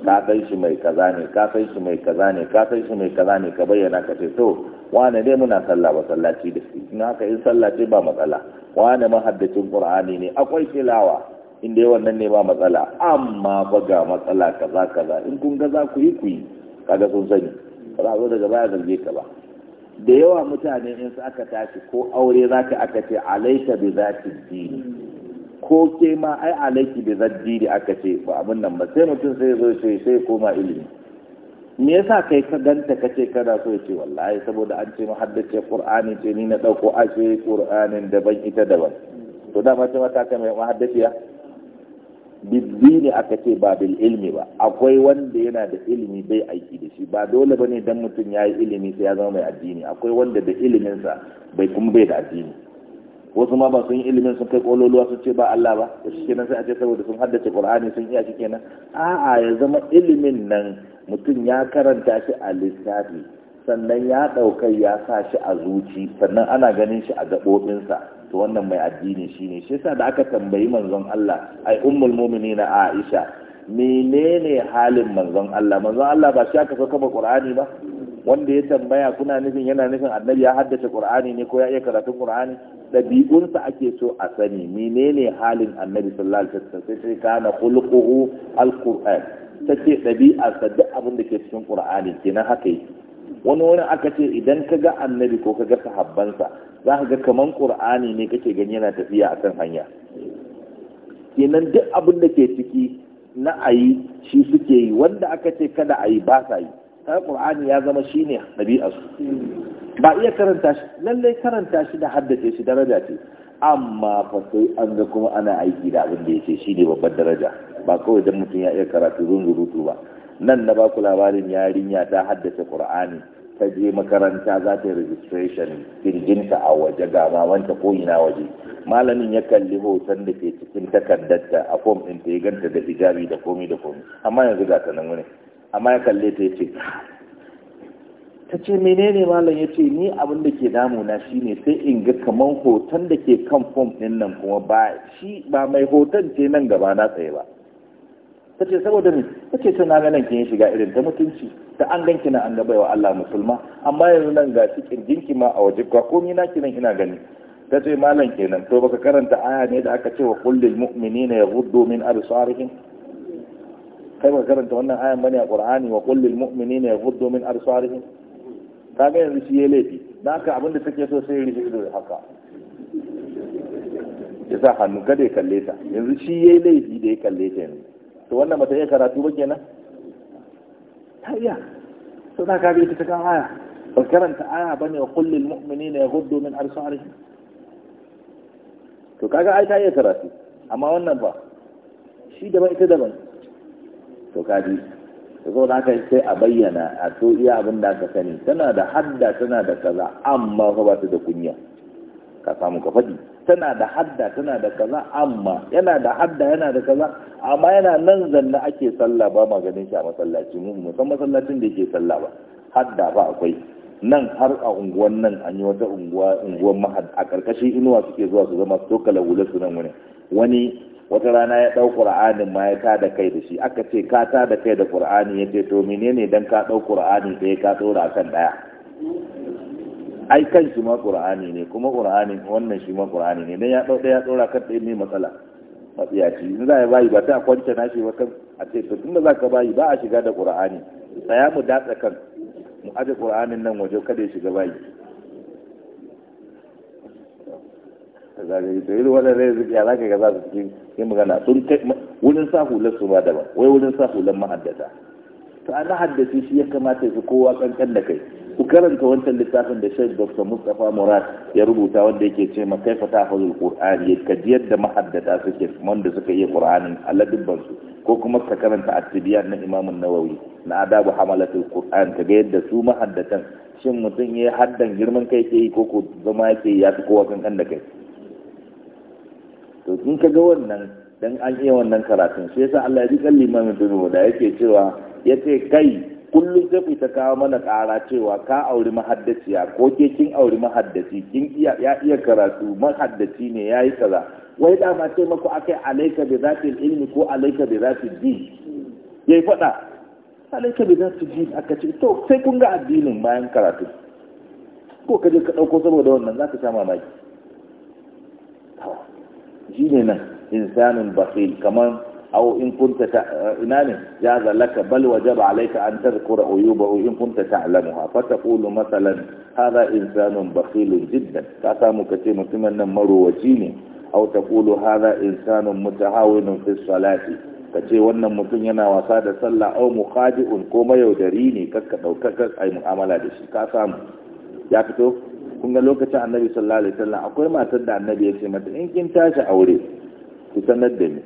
ka san shi mai kaza ne ka san shi mai kaza ne ka san shi mai kaza ne ka bayyana ka ce to wane ne muna sallah ba sallaci da shi in haka in sallaci ba matsala wane mahaddacin qur'ani ne akwai tilawa inda dai ne ba matsala amma ba ga matsala kaza kaza in kun ga za ku yi ku yi kaga sun sani ba za zo daga baya zarge ka ba da yawa mutane in su aka tashi ko aure za ka aka ce alaika bi za ki dini ko ke ma ai alaiki bi za dini aka ce ba abin nan ba sai mutum sai zo sai sai koma ilimi me yasa kai ka ganta ka ce kana so ya ce wallahi saboda an ce muhaddace qur'ani ce ni na dauko ashe qur'anin daban ita daban to dama ce mata ka mai muhaddaciya bibbini aka ce ba bil ilmi ba akwai wanda yana da ilimi bai aiki da shi ba dole ba ne don mutum ya yi ilimi sai ya zama mai addini akwai wanda da iliminsa bai kuma bai da addini wasu ma ba sun yi ilimin sun kai kololuwa sun ce ba Allah ba da shi kenan sai a ce saboda sun haddace Qur'ani sun iya shi kenan a'a ya zama ilimin nan mutum ya karanta shi a lissafi sannan ya ɗaukai ya sa shi a zuci sannan ana ganin shi a gaɓoɓinsa to wannan mai addini shine shi yasa da aka tambayi manzon Allah ai ummul na Aisha menene halin manzon Allah manzon Allah ba shi aka saka ba Qur'ani ba wanda ya tambaya kuna nufin yana nufin annabi ya haddace Qur'ani ne ko ya iya karatun Qur'ani ɗabi'unsa ake so a sani menene halin annabi sallallahu alaihi wasallam sai kana khuluquhu alquran take dabi'a duk abin da ke cikin Qur'ani kenan haka yake wani wani aka ce idan ka ga annabi ko ka ga sahabbansa za ka ga kaman ƙur'ani ne kake gani yana tafiya akan hanya kenan duk abin da ke ciki na ayi shi suke yi wanda aka ce kada ayi ba sa yi ta ƙur'ani ya zama shi ne ɗabi'asu, ba iya karanta shi lallai karanta shi da haddace shi daraja ce amma fa sai an ga kuma ana aiki da abin da ce shi ne babbar daraja ba kawai don mutum ya iya karatu zunzurutu ba nan na baku labarin yarinya ta haddace qur'ani ta je makaranta za ta yi registration kirginta a waje ga mamanta ko ina waje malamin ya kalli hoton da ke cikin takardar ta a fom ɗin ta ya ganta da hijabi da komi da komi amma yanzu ga ta nan wani amma ya kalle ta yace ta ce menene malam ya ce ni abin da ke damuna shine sai in ga kaman hoton da ke kan fom ɗin nan kuma ba shi ba mai hoton ce nan gaba na tsaye ba ta ce saboda me ta ce tana ganin kin shiga irin ta mutunci ta an ganki na an ga baiwa Allah musulma amma yanzu nan ga shi kirjinki ma a waje ga komai na kinan ina gani ta ce malam kenan to baka karanta aya ne da aka ce wa kullil mu'minina yaghuddu min absarihim kai baka karanta wannan ayan bane a Qur'ani wa kullil mu'minina yaghuddu min absarihim ka ga yanzu shi ya laifi dan haka abinda take so sai rishi rufe ido haka ya sa hannu kada ya kalle ta yanzu shi ya laifi da ya kalle ta yanzu to wannan mata iya karatu ba kenan ta iya to za ka bi ita cikin aya ba karanta aya ba ne wa kullum mu'mini ne ya hudu min arsu'arihim to kaga ai ya iya karatu amma wannan ba shi daban ita daban to kaji to zo da sai a bayyana a to iya abin da aka sani tana da hadda tana da kaza amma ba ta da kunya ka samu ka faɗi tana da hadda tana da kaza amma yana da hadda yana da kaza amma yana nan zanna ake sallah ba maganin shi a masallaci mu san masallacin da yake sallah ba hadda ba akwai nan har a unguwan nan an yi wata unguwa unguwan mahad a karkashin inuwa suke zuwa su zama su kala hula su nan wani wani wata rana ya ɗau ƙur'anin ma ya ka da kai da shi aka ce ka ta da kai da ƙur'ani ya ce to menene dan ka ɗau ƙur'ani sai ka tsora kan ɗaya ai kan shi ma qur'ani ne kuma qur'ani wannan shi ma qur'ani ne dan ya dau ya dora kan ɗaya ne matsala matsiyaci in za a bayi ba ta kwanta na shi ba a ce to tunda za ka bayi ba a shiga da qur'ani tsaya mu datsa kan mu aje qur'anin nan waje kada ya shiga bayi zagaye yi irin wannan rai zuciya za ka ga za su cikin yin magana sun kai wurin sa hular su ba daban wai wurin sa hular ma'addata to an haddasi shi ya kamata su kowa kankan da kai ku karanta wancan littafin da Sheikh Dr. Mustafa Murad ya rubuta wanda yake ce ma kaifa hazul Qur'ani ya kaji yadda mahaddata suke wanda suka yi Qur'anin Allah dubban su ko kuma ka karanta at-Tibyan na Imam nawawi na adabu hamalatul Qur'an kaga yadda su mahaddatan shin mutum ya haddan girman kai ke yi ko ko zama yake ya fi kowa kankan da kai to in ga wannan dan an iya wannan karatun sai yasa Allah ya ji kan limamin dubu da yake cewa yace kai kullum zai fita ta kawo mana ƙara cewa ka auri mahaddaciya ko ke kin auri mahaddaci kin iya ya iya karatu mahaddaci ne ya yi kaza wai dama ce maku akai alaika bi zatil ilmi ko alaika bi zatil din yayi faɗa alaika bi zatil din aka ce to sai kun ga addinin bayan karatu ko ka je ka ɗauko saboda wannan zaka ka sha mamaki to jine nan insanin bakhil kamar أو in kunta ina ne ya zalaka bal عليك أن تذكر عيوبه إن in kunta فتقول مثلا هذا إنسان بخيل جدا bakhilun jiddan ka samu kace mutumin nan marowaci ne aw taqulu hadha kace wannan mutum yana wasa da sallah au mukhadi'un ko mayaudari ne kakka daukaka ai mu'amala da shi ka samu ya fito kun ga lokacin annabi sallallahu alaihi wasallam akwai matar da annabi ya ce mata in kin tashi aure ku sanar da ni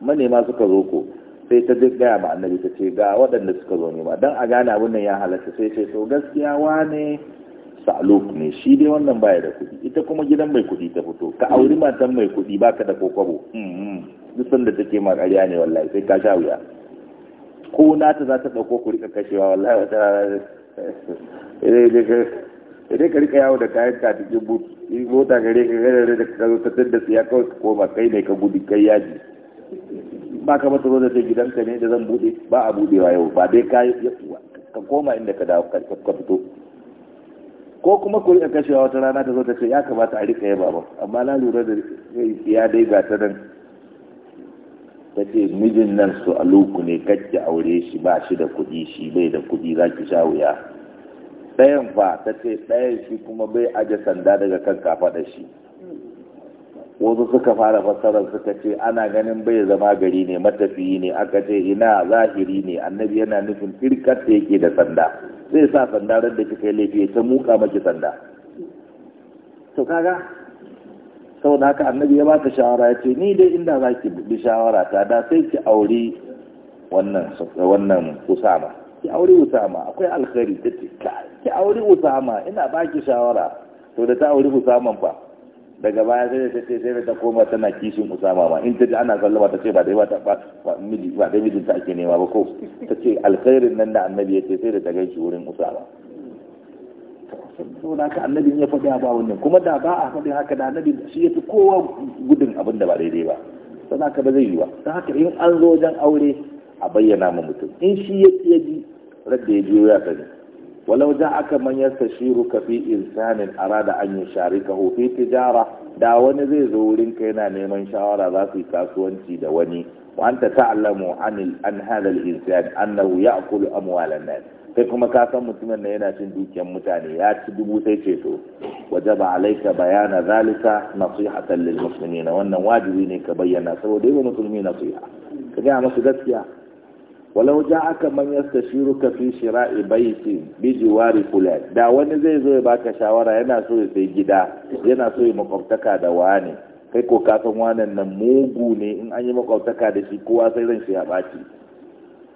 manema suka zo ko sai ta duk gaya ma annabi ta ce ga waɗanda suka zo ne ba don a gane abin nan ya halatta sai ce to gaskiya wane saluk ne shi dai wannan baya da kuɗi ita kuma gidan mai kuɗi ta fito ka auri matan mai kuɗi baka da kokwabo duk sanda take ma ƙarya ne wallahi sai ka sha wuya ko nata za ta ɗauko ku rika kashewa wallahi wata idan ka rika yawo da kayan ka cikin but in mota gare ka gare da ka zo ta tunda siya kawai ka koma kai ne ka gudu kai yaji ba ka mata da gidanka ne da zan bude ba a budewa yau ba dai ka ka koma inda ka dawo ka fito ko kuma ku kashewa wata rana ta zo ta ce ya kamata a rika yaba ba amma na lura da ya dai ga ta nan ta ce mijin nan su aluku ne kacce aure shi ba shi da kuɗi shi bai da kuɗi za ki sha wuya ɗayan fa ta ce ɗayan shi kuma bai aje sanda daga kan kafaɗar shi wasu suka fara fassara suka ce ana ganin bai zama gari ne matafiyi ne aka ce ina zahiri ne annabi yana nufin firkat da yake da sanda zai sa sanda ran da kika yi laifi ta muka maki sanda to kaga da haka annabi ya baka shawara ya ce ni dai inda za ki bi shawara ta da sai ki aure wannan wannan usama ki aure usama akwai alkhairi ta ce ki aure usama ina baki shawara to da ta aure usaman fa daga baya sai ta ce sai ta koma tana kishin usama ma in ta ji ana sallama ta ce ba dai ba ba miji ba dai mijin ta ake nema ba ko ta ce alkhairin nan da annabi ya ce sai da ta gaishe wurin usama saboda haka annabi ya faɗi ba wannan kuma da ba a faɗi haka da annabi shi ya fi kowa gudun abin da ba daidai ba don haka ba zai yi ba don haka in an zo wajen aure a bayyana ma mutum in shi ya ji radda ya biyo ya sani ولو جاءك من يستشيرك في إنسان أراد أن يشاركه في تجارة da wani zai zo wurin ka yana neman shawara za su yi kasuwanci da wani wanta ta'lamu an an hada al-insan annahu ya'kulu amwal an-nas kai kuma ka san mutumin nan yana cin dukiyar mutane ya ci dubu sai ce to ba alaika bayana zalika nasihatan lil na wannan wajibi ne ka bayyana saboda yi musulmi nasiha ka ga masu gaskiya walau ja aka man yastashiruka fi shira'i baiti bi jiwari fulan da wani zai zo ya baka shawara yana so ya sai gida yana so ya makwabtaka da wani kai ko ka san wannan nan mugu ne in an yi makwabtaka da shi kowa sai ran shi ya baci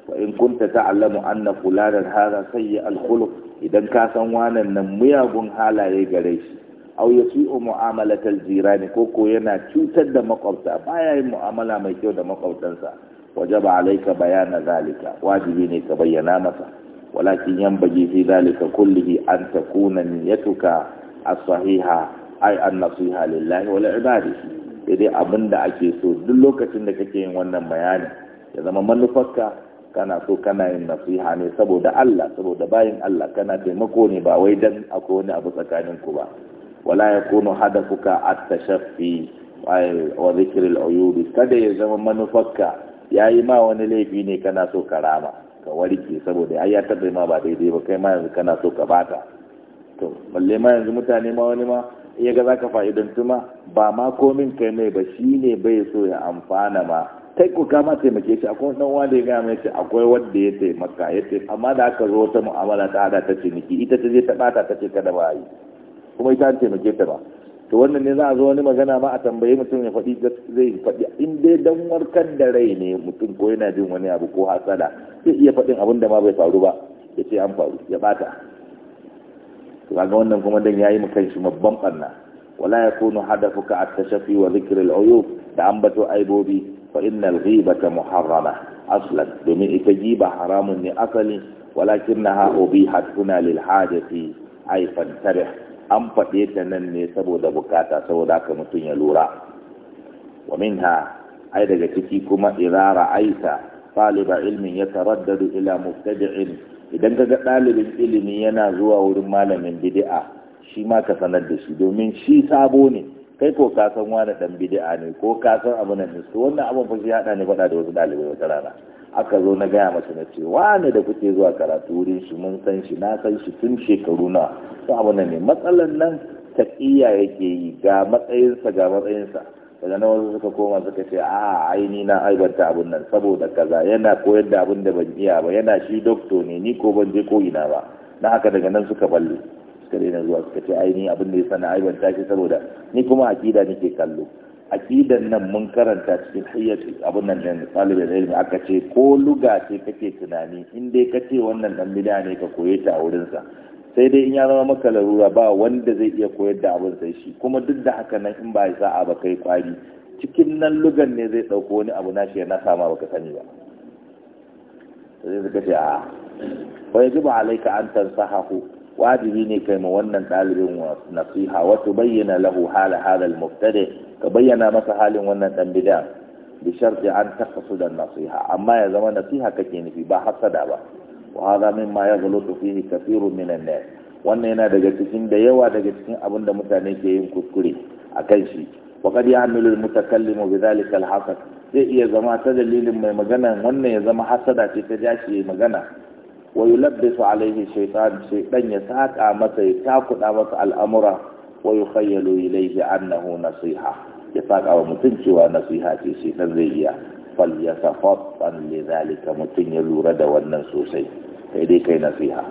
wa in kunta ta'lamu anna fulanan hadha sayyi al-khuluq idan ka san wannan nan muyagun halaye gare shi aw yasi'u mu'amalatal jirani ko ko yana cutar da makwabta baya yin mu'amala mai kyau da makwabtansa wajaba alaika bayana zalika wajibi ne ka bayyana masa walakin yanbaji fi zalika kullihi an takuna niyyatuka as-sahiha ay an nasiha lillahi wal ibadi idan da ake so duk lokacin da kake yin wannan bayani ya zama manufarka kana so kana yin nasiha ne saboda Allah saboda bayin Allah kana taimako ne ba wai dan akwai wani abu tsakanin ku ba wala yakunu hadafuka at-tashaffi wa dhikr al-uyub kada ya zama manufarka ya yi ma wani laifi ne kana so ka rama ka warke saboda ai ya taɓa ma ba daidai ba kai ma yanzu kana so ka bata to balle ma yanzu mutane ma wani ma iya ga zaka fa'idantu ma ba ma komin kai mai ba shine bai so ya amfana ma kai kama taimake shi akwai dan wanda ya ga mai ce akwai wanda ya taimaka ya ce amma da aka zo ta mu'amala ta hada ta niki ita ta je ta bata ta ce kada ba yi kuma ita ta taimake ta ba to wannan ne za a zo wani magana ma a tambaye mutum ya faɗi zai faɗi in dai dan warkar da rai ne mutum ko yana jin wani abu ko hasada zai iya faɗin abin da ma bai faru ba ya ce an faru ya bata to ga wannan kuma dan yayi mu kanshi babban barna wala ya yakunu hadafuka at-tashafi wa dhikr al-uyub da ambato aibobi fa innal ta muharrama aslan domin ita giba haramun ne asali walakinnaha ubihat kuna lil hajati ay fantarih an faɗe ta nan ne saboda bukata saboda ka mutum ya lura wa minha ai daga ciki kuma irara aisa taliba ilmin ya taraddadu ila mubtadi'in idan kaga dalibin ilimi yana zuwa wurin malamin bid'a shi ma ka sanar da shi domin shi sabo ne kai ko ka san wani dan bid'a ne ko ka san abu nan to wannan abun fa shi hada ne faɗa da wasu dalibai wata rana aka zo na gaya masa na ce wani da kuke zuwa karatu wurin shi mun san shi na san shi tun shekaru na su abu ne matsalan nan taƙiya yake yi ga matsayinsa ga matsayinsa daga na wasu suka koma suka ce a aini na aibanta abun nan saboda kaza yana koyar da abin da ban iya ba yana shi dokto ne ni ko ban je ko ina ba na haka daga nan suka balle suka daina zuwa suka ce aini abin da ya sana aibanta shi saboda ni kuma akida nake kallo aqidan nan mun karanta cikin hayyacin abin nan da talibin ilmi aka ce ko luga ce kake tunani in dai ka ce wannan dan bid'a ne ka koye ta a wurinsa sai dai in ya zama maka larura ba wanda zai iya koyar da abin sai shi kuma duk da haka nan in ba ya sa'a ba kai kwari cikin nan lugan ne zai ɗauko wani abu nashi ya nasa ma baka sani ba sai suka ce a wai zuba alaika an tansahahu wajibi ne kai ma wannan ɗalibin nasiha wa bayyana lahu hala hadal mubtadi' ka bayyana masa halin wannan dan bid'a bi sharti an taqsuda nasiha amma ya zama nasiha kake nufi ba hasada ba wa hadha mimma yaghlutu fihi kathirun minan nas wannan yana daga cikin da yawa daga cikin abin da mutane ke yin kuskure akan shi wa qad ya'malu al-mutakallimu bi dhalika al-hasad zai iya zama ta dalilin mai magana wannan ya zama hasada ce ta jashi magana wa yulabbisu alaihi shaytan shaytan ya saka masa ya takuda masa al'amura wa yukhayyalu ilayhi annahu nasiha ya saka wa mutum cewa nasiha ce shi dan zai iya fal yatafattan lidhalika mutum ya lura da wannan sosai kai dai kai nasiha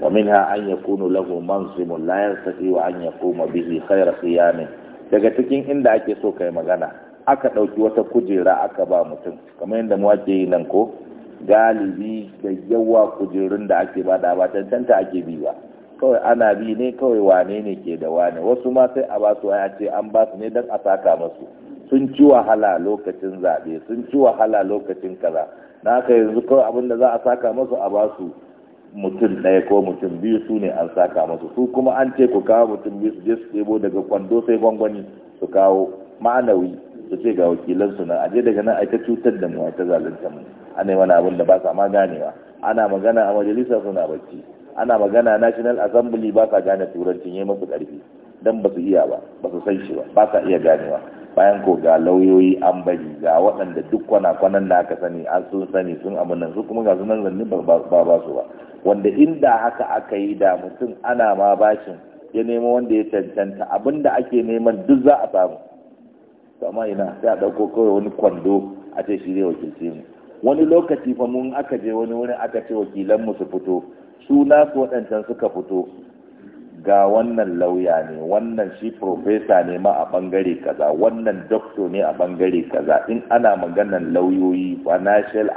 wa minha an yakunu lahu mansimun la yastati wa an yaquma bihi khayr qiyamin daga cikin inda ake so kai magana aka dauki wata kujera aka ba mutum kamar yadda mu ake yi nan ko galibi da yawa kujerun da ake ba da ba cancanta ake bi ba kawai ana bi ne kawai wane ne ke da wane wasu ma sai a basu waya ce an basu ne don a saka masu sun ci wahala lokacin zaɓe sun ci wahala lokacin kaza na haka yanzu kawai abin da za a saka masu a basu mutum ɗaya ko mutum biyu su ne an saka masu su kuma an ce ku kawo mutum biyu su je su ɗebo daga kwando sai gwangwani su kawo ma'anawi su ce ga wakilansu nan aje daga nan aita cutar da mu aita zalunta mu a yi wani abin da ba sa ma ganewa ana magana a majalisa suna bacci ana magana national assembly ba sa gane turancin ya masu ƙarfi don ba su iya ba ba su san shi ba ba sa iya ganewa bayan ko ga lauyoyi an bari ga waɗanda duk kwana-kwanan da aka sani an sun sani sun amunan su kuma ga su nan zanni ba ba su ba wanda inda haka aka yi da mutum ana ma bashin ya nemo wanda ya cancanta da ake neman duk za a samu amma ina sai a ɗauko kawai wani kwando a ce shi zai wakilce mu wani lokaci fa mun aka je wani wurin aka ce wakilan mu su fito su nasu waɗancan suka fito ga wannan lauya ne wannan shi profesa ne ma a bangare kaza wannan doctor ne a bangare kaza in ana maganan lauyoyi financial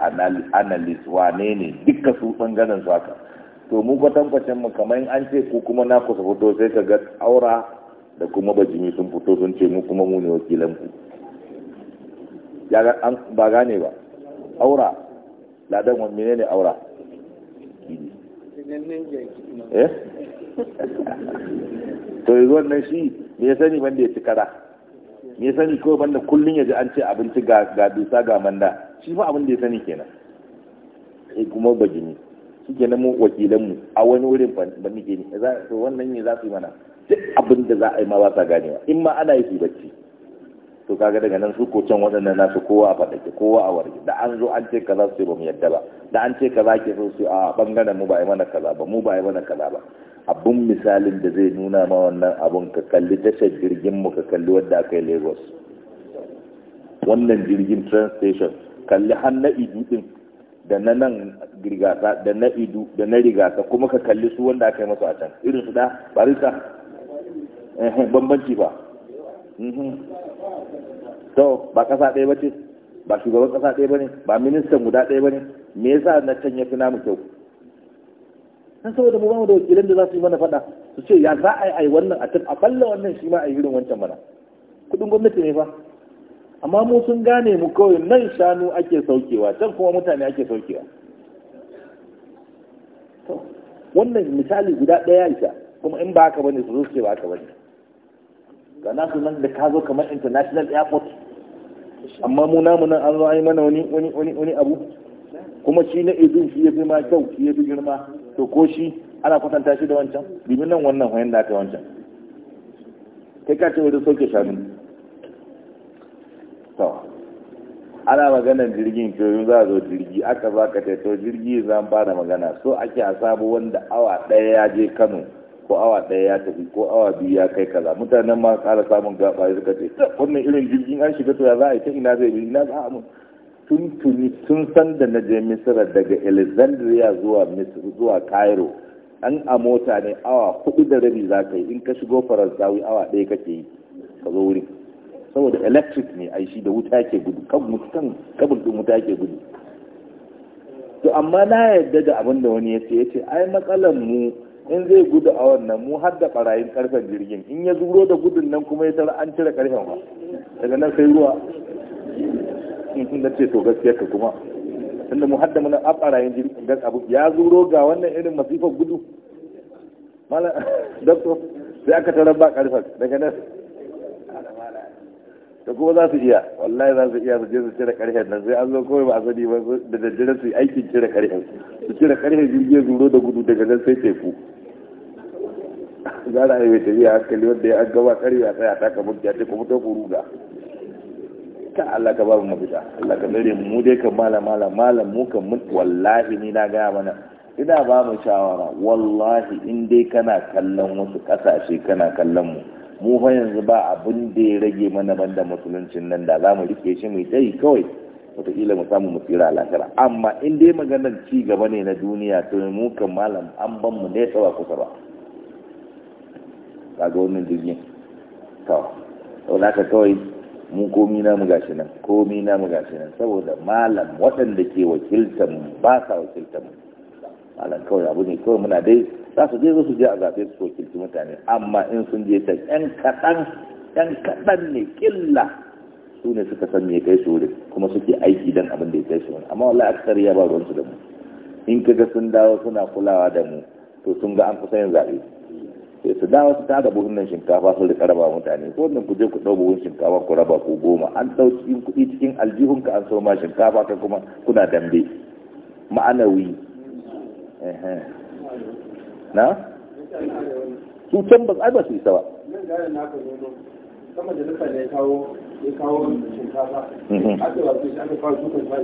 analyst wane ne duka su bangaren su haka to mu tambacin mu kamar in an ce ku kuma na kusa fito sai ka ga aura da kuma bajimi sun fito sun ce mu kuma mu ne wakilan ku ba gane ba aura ladan wa menene aura Eh? to yi zuwan nan shi me ya sani banda ya ci kara me ya sani kawai banda kullum ya ji an ce abinci ga dusa ga manda shi fa abin da ya sani kenan eh kuma bajini shi kenan mu wakilanmu a wani wurin ba nike ne wannan ne za su yi mana duk abin da za a yi ma ba sa ganewa in ma ana yi su bacci to kaga daga nan su ko can waɗannan nasu kowa a faɗake kowa a warge da an zo an ce kaza su ba mu yadda ba da an ce kaza ke so su a ɓangaren mu ba yi mana kaza ba mu ba yi mana kaza ba abun misalin da zai nuna ma wannan abun ka kalli tashar jirgin mu ka kalli wadda aka yi lagos wannan jirgin train station kalli har na idu din da na nan girgasa da na idu da na rigasa kuma ka kalli su wanda aka yi masu a can irin su da barisa eh, eh, bambanci ba Mhm. to ba ƙasa ɗaya ba ce ba shugaban ƙasa ɗaya ba ne ba ministan guda ɗaya ba ne me yasa na can ya fi namu kyau dan saboda mu bamu da wakilan da za su yi mana faɗa su ce ya za a yi ai wannan a tafi akalla wannan shi ma a yi irin wancan mana kuɗin gwamnati ne fa amma mu sun gane mu kawai nan shanu ake saukewa can kuma mutane ake saukewa wannan misali guda ɗaya isa kuma in ba haka bane su zo su ce ba haka bane ga nasu nan da ka zo kamar international airport amma mu namu nan an zo ai mana wani wani wani wani abu kuma shi na idin shi ya fi ma kyau shi fi girma to ko shi ana kwatanta shi da wancan domin nan wannan hoyan da aka wancan kai ka ce wajen soke shanu to ana maganar jirgin to za a zo jirgi aka za ka to jirgi zan da magana so ake a sabo wanda awa ɗaya ya je kano ko awa ɗaya ya tafi ko awa biyu ya kai kaza mutanen ma ƙara samun gaba ya suka ce wannan irin jirgin an shiga to ya za a yi ta ina zai ina za a mun tun tuni tun san da na je misira daga alexandria zuwa zuwa cairo an a mota ne awa hudu da rabi za ka yi in ka shigo faransawi awa ɗaya kake yi ka zo wuri saboda electric ne ai shi da wuta ke gudu kan mutan kabin din wuta ke gudu to amma na yarda da abin da wani ya ce ya ce ai matsalar mu in zai gudu a wannan mu har da barayin karfen jirgin in ya zuro da gudun nan kuma ya tara an cire karfen ba daga nan sai ruwa in na ce to gaskiya ka kuma inda mu hadda mana a barayin jirgin gas abu ya zuro ga wannan irin masifar gudu mala doktor sai aka tarar ba karfen daga nan da kuma za su iya wallahi za su iya su je su cire karshen nan sai an zo kawai ba a sani ba da daddare su yi aikin cire karshen su cire karshen jirgin zuro da gudu daga nan sai teku za a yi mai tafiya hankali wanda ya an gaba karya a tsaya ta kamar ya ce kuma ta kuruga ta Allah ka babu mafita Allah ka tsare mu dai kan malam malam malam mu kan mun wallahi ni na gaya mana ina ba mu shawara wallahi in dai kana kallon wasu kasashe kana kallon mu mu fa yanzu ba abin da ya rage mana banda musuluncin nan da za mu rike shi mai tsayi kawai wataƙila mu samu mu tsira amma in dai maganar ci gaba ne na duniya to mu kan malam an ban mu nesa ba kusa ba ga wannan jirgin to to haka kawai mu komi na mu gashi nan komi na mu gashi nan saboda malam waɗanda ke wakiltar mu ba sa wakiltar mu ala kawai abu ne kawai muna dai za su je za su je a zaɓe su wakilci mutane amma in sun je ta yan kaɗan yan kaɗan ne killa su ne suka san me kai su wurin kuma suke aiki dan abin da ya kai su wurin amma wallahi aksar ya ba ruwansu da mu in kaga sun dawo suna kulawa da mu to sun ga an kusa yin zaɓe sai su dawo su tada buhunan shinkafa sun rika raba mutane ko nan ku je ku ɗau buhun shinkafa ku raba ku goma an ɗau cikin kuɗi cikin aljihunka an so ma shinkafa ka kuma kuna dambe ma'anawi na su can ba ba su isa ba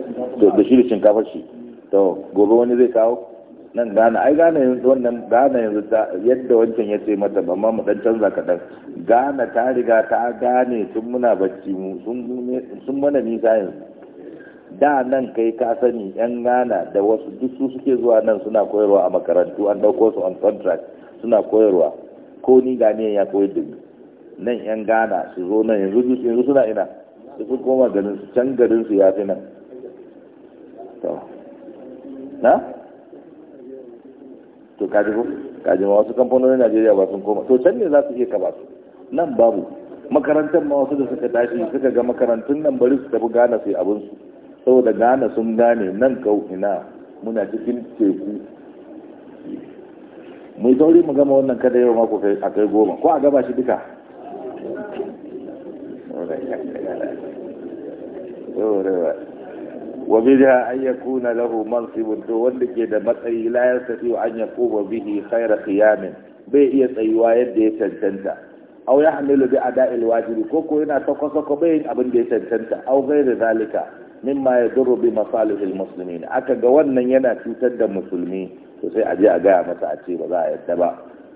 to da shi da shinkafa shi to gobe wani zai kawo nan gana ai gana yanzu wannan gana yanzu yadda wancan ya ce mata ba mu dan canza kaɗan gana ta riga ta gane sun muna bacci mu sun mana nisa yanzu da nan kai ka sani yan gana da wasu duk su suke zuwa nan suna koyarwa a makarantu an dauko su on contract suna koyarwa ko ni gane ya koyar da ni nan yan gana su zo nan yanzu yanzu suna ina su sun koma garin su can garin su ya fi nan to na to kaji ko kaji ma wasu kamfanonin Najeriya ba sun koma to can ne za su iya kaba su nan babu makarantar ma wasu da suka tashi suka ga makarantun nan bari su tafi gana su yi abinsu saboda gane sun gane nan kau ina muna cikin teku mai sauri mu gama wannan kada yau mako a kai goma ko a gaba shi duka wabi da an kuna lahu mansibun to wanda ke da matsayi la wa an kuma bihi khaira kiyamin bai iya tsayuwa yadda ya cancanta aw yahmilu a ada'il wajibi ko ko yana sako sako bai abin da ya cancanta aw da zalika mimma ya duru bi masalihil muslimin aka ga wannan yana cutar da musulmi to sai a je a gaya masa a ce ba za a yadda ba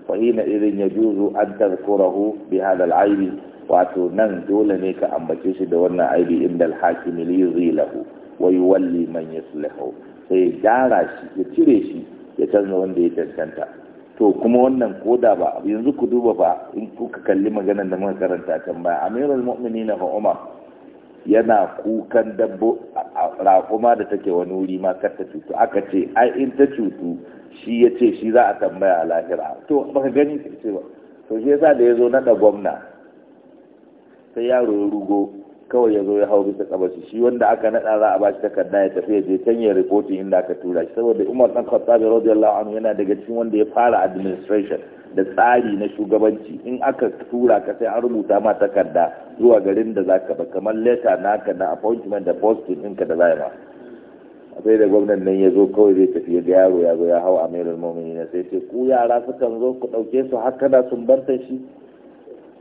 fa hina irin ya juzu an tazkurahu bi hadal aibi wato nan dole ne ka ambace shi da wannan aibi inda al-hakimi li yuzilahu wa yuwalli man yuslihu sai ya gyara shi ya cire shi ya canza wanda ya cancanta to kuma wannan koda ba yanzu ku duba ba in kuka kalli maganar da muka karanta can baya amirul mu'minin fa umar yana kukan dabbo raƙuma da take wani wuri ma kar ta cutu aka ce ai in ta cutu shi ya ce shi za a tambaya a lahira to baka gani ce ba to shi yasa da ya zo naɗa gwamna sai yaro ya rugo kawai ya zo ya hau bisa kabashi shi wanda aka naɗa za a bashi takarda ya tafiya ya je can ya reporting inda aka tura shi saboda Umar dan Khattab radiyallahu anhu yana daga cikin wanda ya fara administration da tsari na shugabanci in aka tura ka sai an rubuta ma takarda zuwa garin da zaka ba kamar leta naka na appointment da posting ɗinka da zai ba. sai da gwamnan nan ya zo kawai zai tafi ga yaro ya zo ya hau amirul mu'minin sai ce ku yara sukan zo ku ɗauke su har kada sun bar shi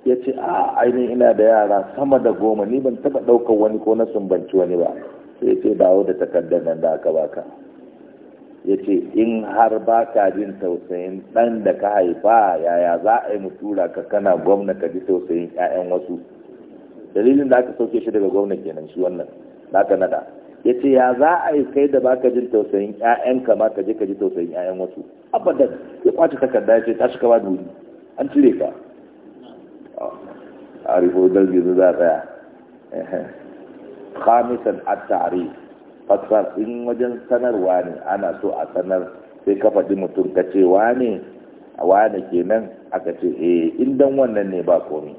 ya ce a ainihin ina da yara sama da goma ni ban taba daukar wani ko na sumbanci wani ba sai ya ce dawo da takardar nan da aka baka ya ce in har ba ka jin tausayin ɗan da ka haifa yaya za a yi mutura ka kana gwamna ka ji tausayin 'ya'yan wasu dalilin da aka sauke shi daga gwamna kenan shi wannan da aka nada ya ce ya za a yi kai da baka jin tausayin 'ya'yanka ma ka je ka ji tausayin 'ya'yan wasu abadan ya kwace takarda ya ce tashi ka ba duri an cire ka a rihodar gizo za a tsaya khamisan at-ta'rif fasar wajen sanarwa ne ana so a sanar sai kafa faɗi mutum ka ce wane wane kenan aka ce eh in dan wannan ne ba komi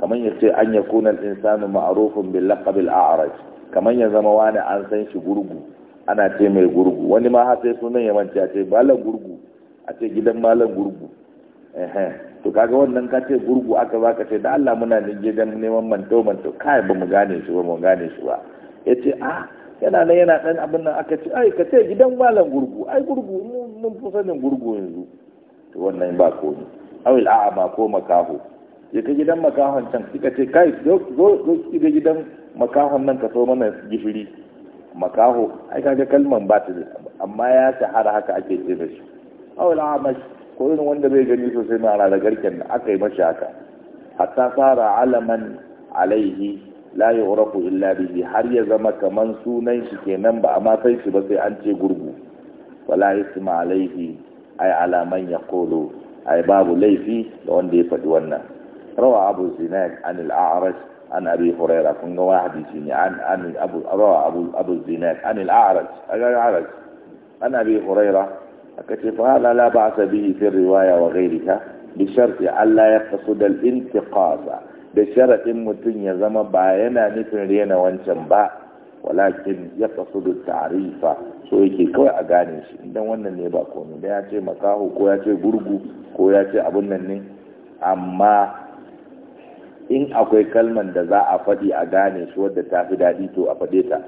kamar ya ce an yakuna al-insanu ma'rufun bil laqab al-a'raj kamar ya zama wani an san shi gurgu ana ce mai gurgu wani ma har sai sunan ya manta ce malam gurgu a ce gidan malam gurgu eh to kaga wannan ka ce gurgu aka baka ce da Allah muna gidan neman manto manto kai ba mu gane shi ba mu gane shi ba yace a ah, yana nan yana dan abin nan aka ce ai ka ce gidan malam gurgu ai gurgu mun fi sanin gurgu yanzu to wannan ba ko ne awil a'ama ko makaho ya ka gidan makahon can kika ce kai zo zo ga gidan makahon nan ka so mana gishiri makaho ai kaga kalman ba ta amma ya shahara haka ake ce da shi awil a'ama ko wanda bai gani sai na rara garken da aka yi mashi haka hatta fara alaman alaihi la yughrafu illa bihi har ya zama kaman sunan shi kenan ba amma kai shi ba sai an ce gurgu wala isma alaihi ay alaman man yaqulu ay babu laifi da wanda ya faɗi wannan rawa abu zinad an al-a'raj an abi hurairah kun ga wahabi shi ne an an abu rawa abu abu zinad an al-a'raj al-a'raj an abi hurairah aka ce fa hada la ba'sa bihi fi riwaya wa ghayriha bi sharti Allah ya kasu al intiqaza da sharaɗin mutum ya zama ba yana nufin rena wancan ba walakin ya da ta'rifa so yake kawai a gane shi idan wannan ne ba komai da ya ce makaho ko ya ce gurgu ko ya ce abun nan ne amma in akwai kalman da za a faɗi a gane shi wadda ta fi daɗi to a faɗe ta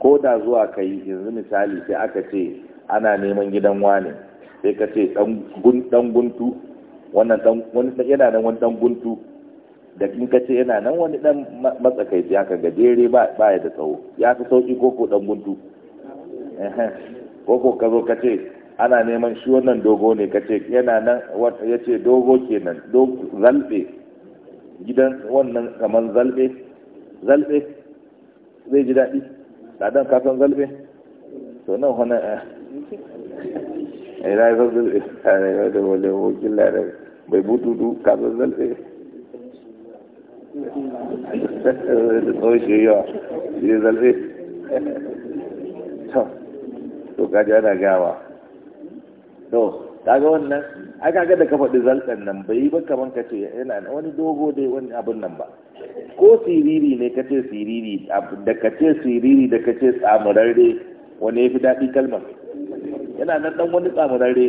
ko da zuwa kai yanzu misali sai aka ce ana neman gidan wane sai ka ce dan guntu wannan dan wani yana nan wani dan guntu da kin ka ce yana nan wani dan matsakaici haka jere ba ya da tsawo ya fi sauki ko dan guntu koko ka zo ka ce ana neman shi wannan dogo ne ka ce yana nan ya ce dogo kenan zalbe gidan wannan kamar zalbe zalbe zai ji daɗi ɗaɗan kasan zalbe to nan wani ina zan zalbe tsare yau da wale wakil na da bai bututu kafin zalbe da tsawon shi yawa shi ne zalbe to kaji ana gawa to kaga wannan ai kaga da ka faɗi zalɗan nan bai yi ba kaman ka ce yana wani dogo dai wani abin nan ba ko siriri ne ka ce siriri da ka ce siriri da ka ce tsamurarre wani ya fi daɗi kalmar yana nan dan wani tsamurare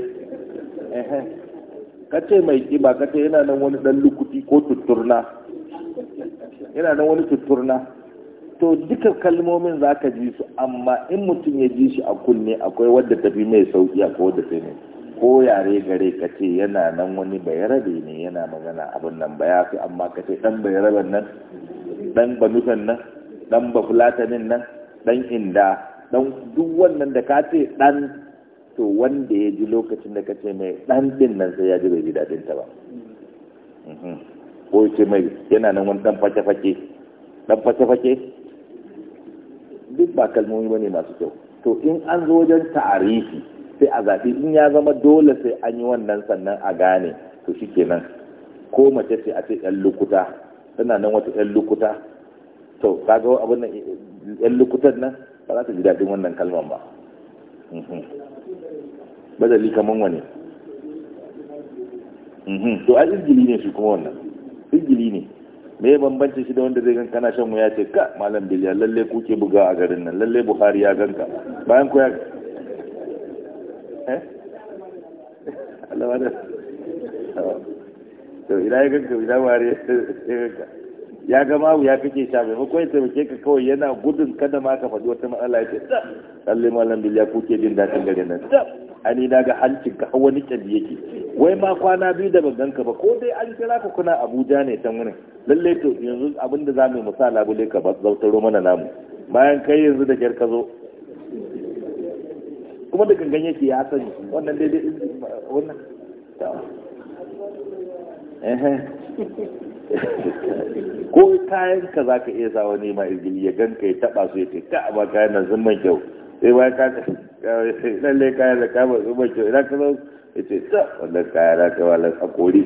ka ce mai kiba ka ce yana nan wani dan lukuti ko tutturna yana nan wani tutturna to duka kalmomin za ka ji su amma in mutum ya ji shi a kunne akwai wadda tafi mai sauki akwai wadda ta ne ko yare gare ka ce yana nan wani bayarabe ne yana magana abin nan ba ya fi amma ka ce dan bayaraben nan dan banutan nan dan fulatanin nan dan inda dan duk wannan da ka ce dan to wanda ya ji lokacin da ka ce mai dan din nan sai ya ji bai ji daɗin ta ba mhm. ko ce mai yana nan wani dan fake fake dan fake fake duk ba kalmomi ne masu kyau to in an zo wajen ta'arifi sai a zafi in ya zama dole sai an yi wannan sannan a gane to kenan ko mace ce a ce yan lukuta tana nan wata yan lukuta to kaga abin nan yan lukutan nan ba za ta ji daɗin wannan kalman ba mhm. badali kaman wane mhm. to a jirgin ne shi kuma wannan Jirgin ne me ya bambanci shi da wanda zai gan kana shan ya ce ka malam biliya lalle kuke buga a garin nan lalle buhari ya ganka bayan ku ya eh Allah to ina ya ganka ina buhari ya ganka ya ga mawu ya kake sha makon ya taimake ka kawai yana gudun kada ma ka faɗi wata matsala ya ce lalle malam biliya kuke jin daɗin garin nan ani na ga hancin ka wani kyalli yake wai ma kwana biyu da ban ka ba ko dai an kira ka kuna abuja ne can wurin lallai to yanzu abin da za mu musa labule ka ba zautaro mana namu bayan kai yanzu da kyar ka zo kuma da gangan yake ya sani wannan dai-dai dai wannan ko kayan ka za ka iya sa wani ma izgili ya ganka ya taba su ya ta ba kayan nan zan mai kyau sai bayan ka lallai kaya da kama su mai kyau idan ka zo ya ce ta wannan kaya na kai walar a tsakori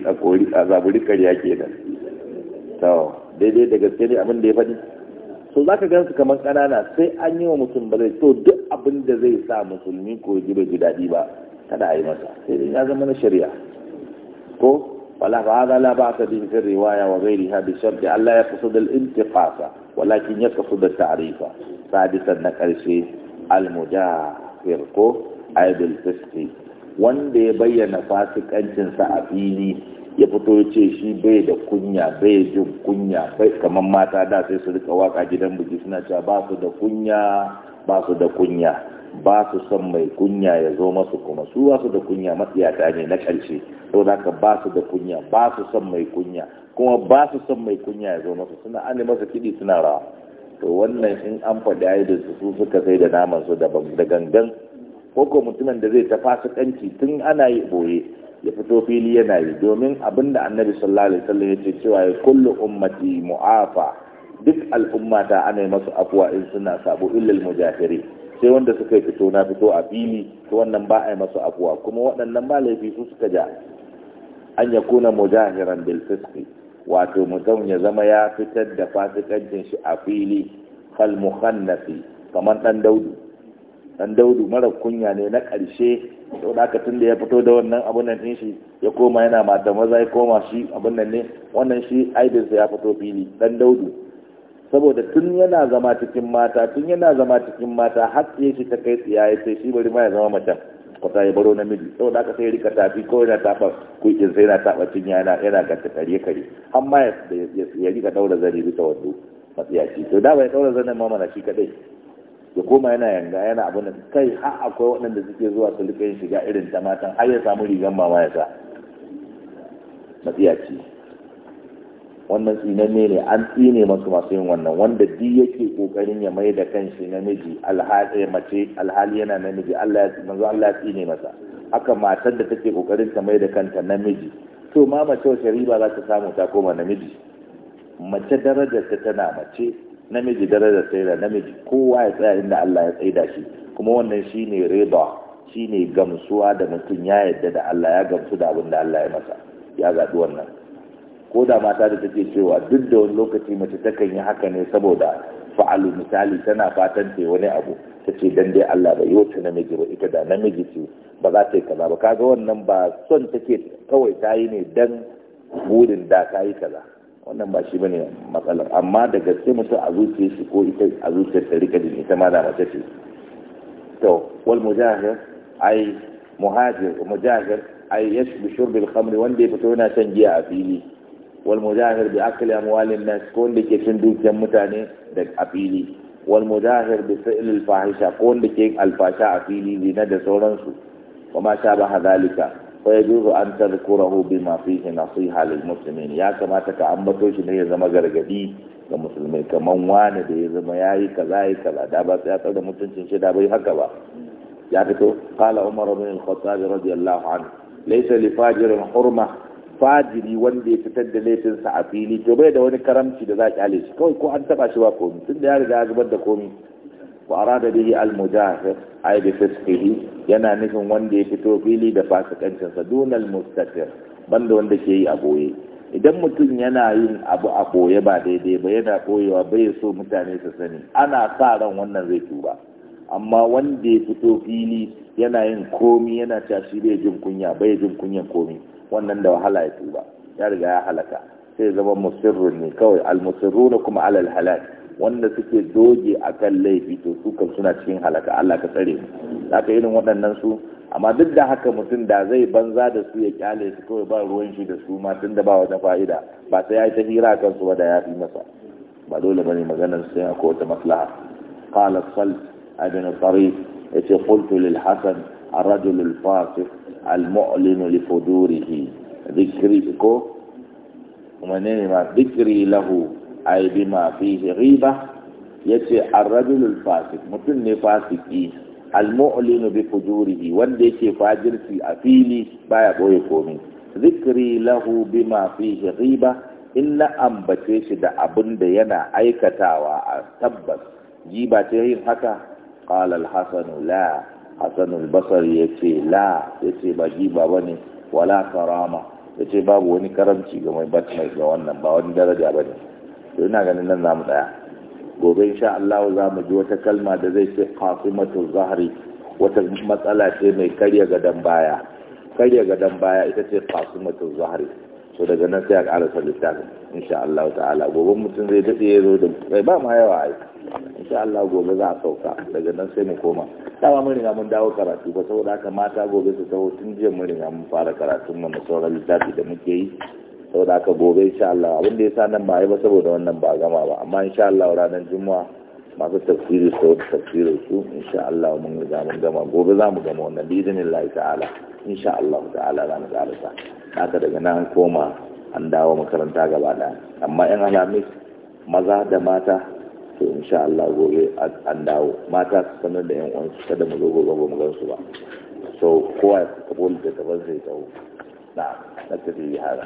a zaburi karya ke nan to daidai da gaske ne abin da ya faɗi so za ka gan su kamar ƙanana sai an yi wa mutum ba zai to duk abin da zai sa musulmi ko ji bai ji daɗi ba kada a yi masa sai dai ya zama na shari'a ko wala fa hada la ba ta bin riwaya wa ghairiha bi sharti Allah ya kusa al intiqasa walakin ya qasud da ta'rifa sadisan na karshe al mujah mu'assir ko aibul wanda ya bayyana fasikancinsa a fili ya fito ce shi bai da kunya bai jin kunya bai kamar mata da sai su rika waka gidan biki suna cewa ba su da kunya ba su da kunya ba su son mai kunya ya zo masu kuma su ba su da kunya matsiyata ne na ƙarshe sau da ba su da kunya ba su son mai kunya kuma ba su son mai kunya ya zo masu suna an masa kiɗi suna rawa to wannan in an faɗi aidin su su suka sai da naman su da gangan ko ko mutumin da zai ta fasikanci tun ana yi boye ya fito fili yana yi domin abinda annabi sallallahu alaihi wasallam ya ce cewa ya kullu ummati mu'afa duk al'umma ta ana masu afwa in suna sabo illal mujahiri sai wanda suka yi fito na fito a fili to wannan ba a yi masu afwa kuma waɗannan ba laifi su suka ja an yakuna mujahiran bil fisqi wato mutum ya zama ya fitar da fasikancin shi a fili kal kamar dan daudu dan daudu mara kunya ne na ƙarshe sau da tun da ya fito da wannan abun nan ɗin shi ya koma yana mata maza ya koma shi abun nan ne wannan shi aibinsa ya fito fili dan daudu saboda tun yana zama cikin mata tun yana zama cikin mata har sai shi ta kai tsiya ya sai shi bari ma ya zama mutum. kwata ya baro namiji saboda aka sai rika tafi ko yana tafa kukin sai yana tafa cinya yana yana ganta kare kare amma ya rika daura zani bisa wando matsiyaci to da bai daura zanin ma mana shi kadai ya koma yana yanga yana abin da kai har akwai waɗanda suke zuwa su rika shiga irin ta matan har ya samu rigan mama ya sa matsiyaci wannan tsinanne ne an tsine masu masu yin wannan wanda di yake kokarin ya mai da shi namiji alhali mace alhali yana namiji Allah ya Allah ya tsine masa haka matar da take kokarin ta mai da kanta namiji to ma mace wace riba za ta samu ta koma namiji mace darajar ta tana mace namiji darajar ta yana namiji kowa ya tsaya inda Allah ya tsaida shi kuma wannan shine riba shine gamsuwa da mutum ya yarda da Allah ya gamsu da abin da Allah ya masa ya zaɓi wannan ko da mata da take cewa duk da wani lokaci mace takan yi haka ne saboda fa'alu misali tana fatan ta wani abu ta ce dan dai Allah bai wata namiji ba ita da namiji ce ba za ta yi kaza ba kaga wannan ba son take kawai ta yi ne dan burin da ta yi kaza wannan ba shi bane matsalar amma da gaske mutum a zuciya shi ko ita a zuciyar ta rika jin ita ma da mace ce to wal mujahir ai muhajir mujahir ai yashbu shurbil khamri wanda ya fito yana shan giya a fili wal mujahir bi akli amwalin nas ko wanda ke cin dukiyar mutane da a fili wal mujahir bi fi'l al fahisha ko wanda ke alfasha a fili zina da sauransu wa ma sha ba hadalika fa yajuzu an tadhkurahu bima fihi nasiha lil muslimin ya kamata ka ambato shi ne ya zama gargadi ga musulmai kaman wani da ya zama yayi kaza yayi kaza da ba ya tsada mutuncin shi da bai haka ba ya fito qala umar bin al-khattab radiyallahu anhu laysa li fajirin hurma fajiri wanda ya fitar da laifinsa a fili to bai da wani karamci da za a kyale shi kawai ko an taba shi ba komi tun da ya riga ya zubar da komi wa arada bihi al mujahid ay bi fisqihi yana nufin wanda ya fito fili da fasikancin sa dunal mustatir banda wanda ke yi a boye idan mutum yana yin abu a boye ba daidai ba yana koyewa bai so mutane su sani ana sa ran wannan zai tuba amma wanda ya fito fili yana yin komi yana tashi bai jin kunya bai jin kunyan komi wannan da wahala ya tuba ya riga ya halaka sai zama musirru ne kawai almusirru na kuma alal halak wanda suke doge a kan laifi to su kan suna cikin halaka Allah ka tsare mu zaka irin waɗannan su amma duk da haka mutum da zai banza da su ya kyale su kawai ba ruwan shi da su ma tun da ba wata fa'ida ba sai ya yi ta hira kan su ba da ya fi masa ba dole bane maganar sai akwai wata maslaha qala sal ibn tariq yace qultu lil hasan الرجل الفاسق المؤلم لفجوره ذكركم ومنين ما ذكري له أي بما فيه غيبة يتي الرجل الفاسق متن فاسق المؤلم بفجوره وندي فاجر في أفيلي بايا بوي كومي ذكري له بما فيه غيبة إن أنبتيش دا أبن دينا اي كتاوى جيبا تهين هكا قال الحسن لا hassan al-basari ya ce la ya ce ba giba ba ne wala karama ya ce babu wani karamci ga mai bat mai ga wannan ba wani daraja ba ne to ina ganin nan zamu daya gobe insha Allah za mu ji wata kalma da zai ce qasimatul zahri wata matsala ce mai karya gadon baya karya dan baya ita ce qasimatul zahri so daga nan sai a karasa littafin insha Allah ta'ala gobe mutum zai daɗe ya zo da bai eh, ba ma yawa ai insha Allah gobe za a sauka daga nan sai mu koma dama mun riga mun dawo karatu ba saboda haka mata gobe su taho tun jiya mun riga mun fara karatun mu na sauran littafi da muke yi saboda haka gobe insha Allah abin da yasa nan ba ai ba saboda wannan ba gama ba amma insha Allah ranar juma'a masu tafsiri su wata tafsirin su insha Allah mun ga mun gama gobe za mu gama wannan bidinin Allah ta'ala insha Allah ta'ala za mu karanta haka daga nan koma an dawo makaranta gaba daya amma yan alamis maza da mata to insha Allah gobe an dawo mata su sanar da yan uwansu kada mu zo gobe ba mu gan su ba so kowa ya kabo da gaban zai tawo na na tafi haka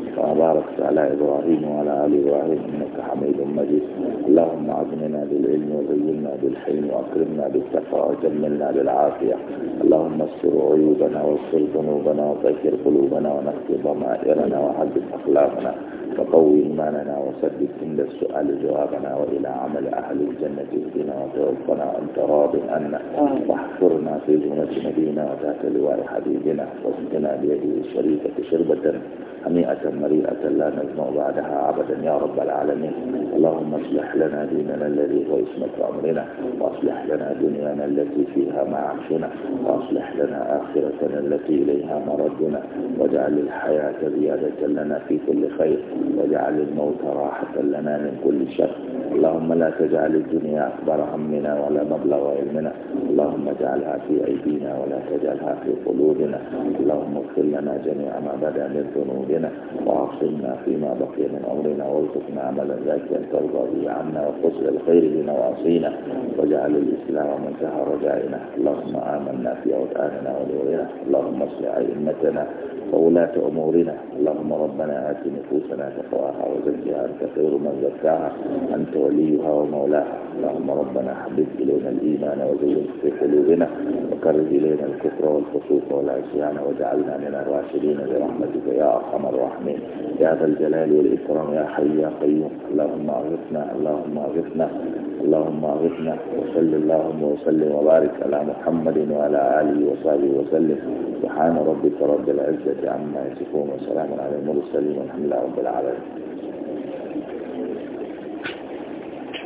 وباركت على إبراهيم وعلى آل إبراهيم إنك حميد مجيد اللهم أغننا بالعلم وزينا بالحلم وأكرمنا بالتقوى وجملنا بالعافية اللهم استر عيوبنا واغفر ذنوبنا وطهر قلوبنا ونقي ضمائرنا وحدث أخلاقنا فقوي إيماننا وسدد عند السؤال جوابنا وإلى عمل أهل الجنة اهدنا وتوفنا أنت راض عنا واحفرنا في جنة نبينا وذات لواء حبيبنا واسقنا بيده الشريفة شربة هنيئة مريئة لا نجمع بعدها عبدا يا رب العالمين اللهم اصلح لنا ديننا الذي هو اسمة أمرنا واصلح لنا دنيانا التي فيها معاشنا واصلح لنا آخرتنا التي إليها مردنا واجعل الحياة زيادة لنا في كل خير واجعل الموت راحة لنا من كل شر اللهم لا تجعل الدنيا أكبر همنا ولا مبلغ علمنا اللهم اجعلها في أيدينا ولا تجعلها في قلوبنا اللهم اغفر لنا جميع ما بدا من ذنوبنا وعصمنا فيما بقي من أمرنا وارزقنا عملا زاكيا ترضى به عنا وقصر الخير بنواصينا واجعل الإسلام منتهى رجائنا اللهم آمنا في أوطاننا ودورنا اللهم اصلح أئمتنا وولاة أمورنا اللهم ربنا آت نفوسنا تقواها وزكها أنت خير من زكاها أنت وليها ومولاها اللهم ربنا حبب إلينا الإيمان وزينه في قلوبنا وكره إلينا الكفر والفسوق والعصيان وجعلنا من الراشدين برحمتك يا أرحم الراحمين يا ذا الجلال والإكرام يا حي يا قيوم اللهم أغثنا اللهم أغثنا اللهم اغثنا وصل اللهم وسلم وبارك على محمد وعلى آله وصحبه وسلم سبحان ربك رب العزة عما يصفون وسلام على المرسلين والحمد لله رب العالمين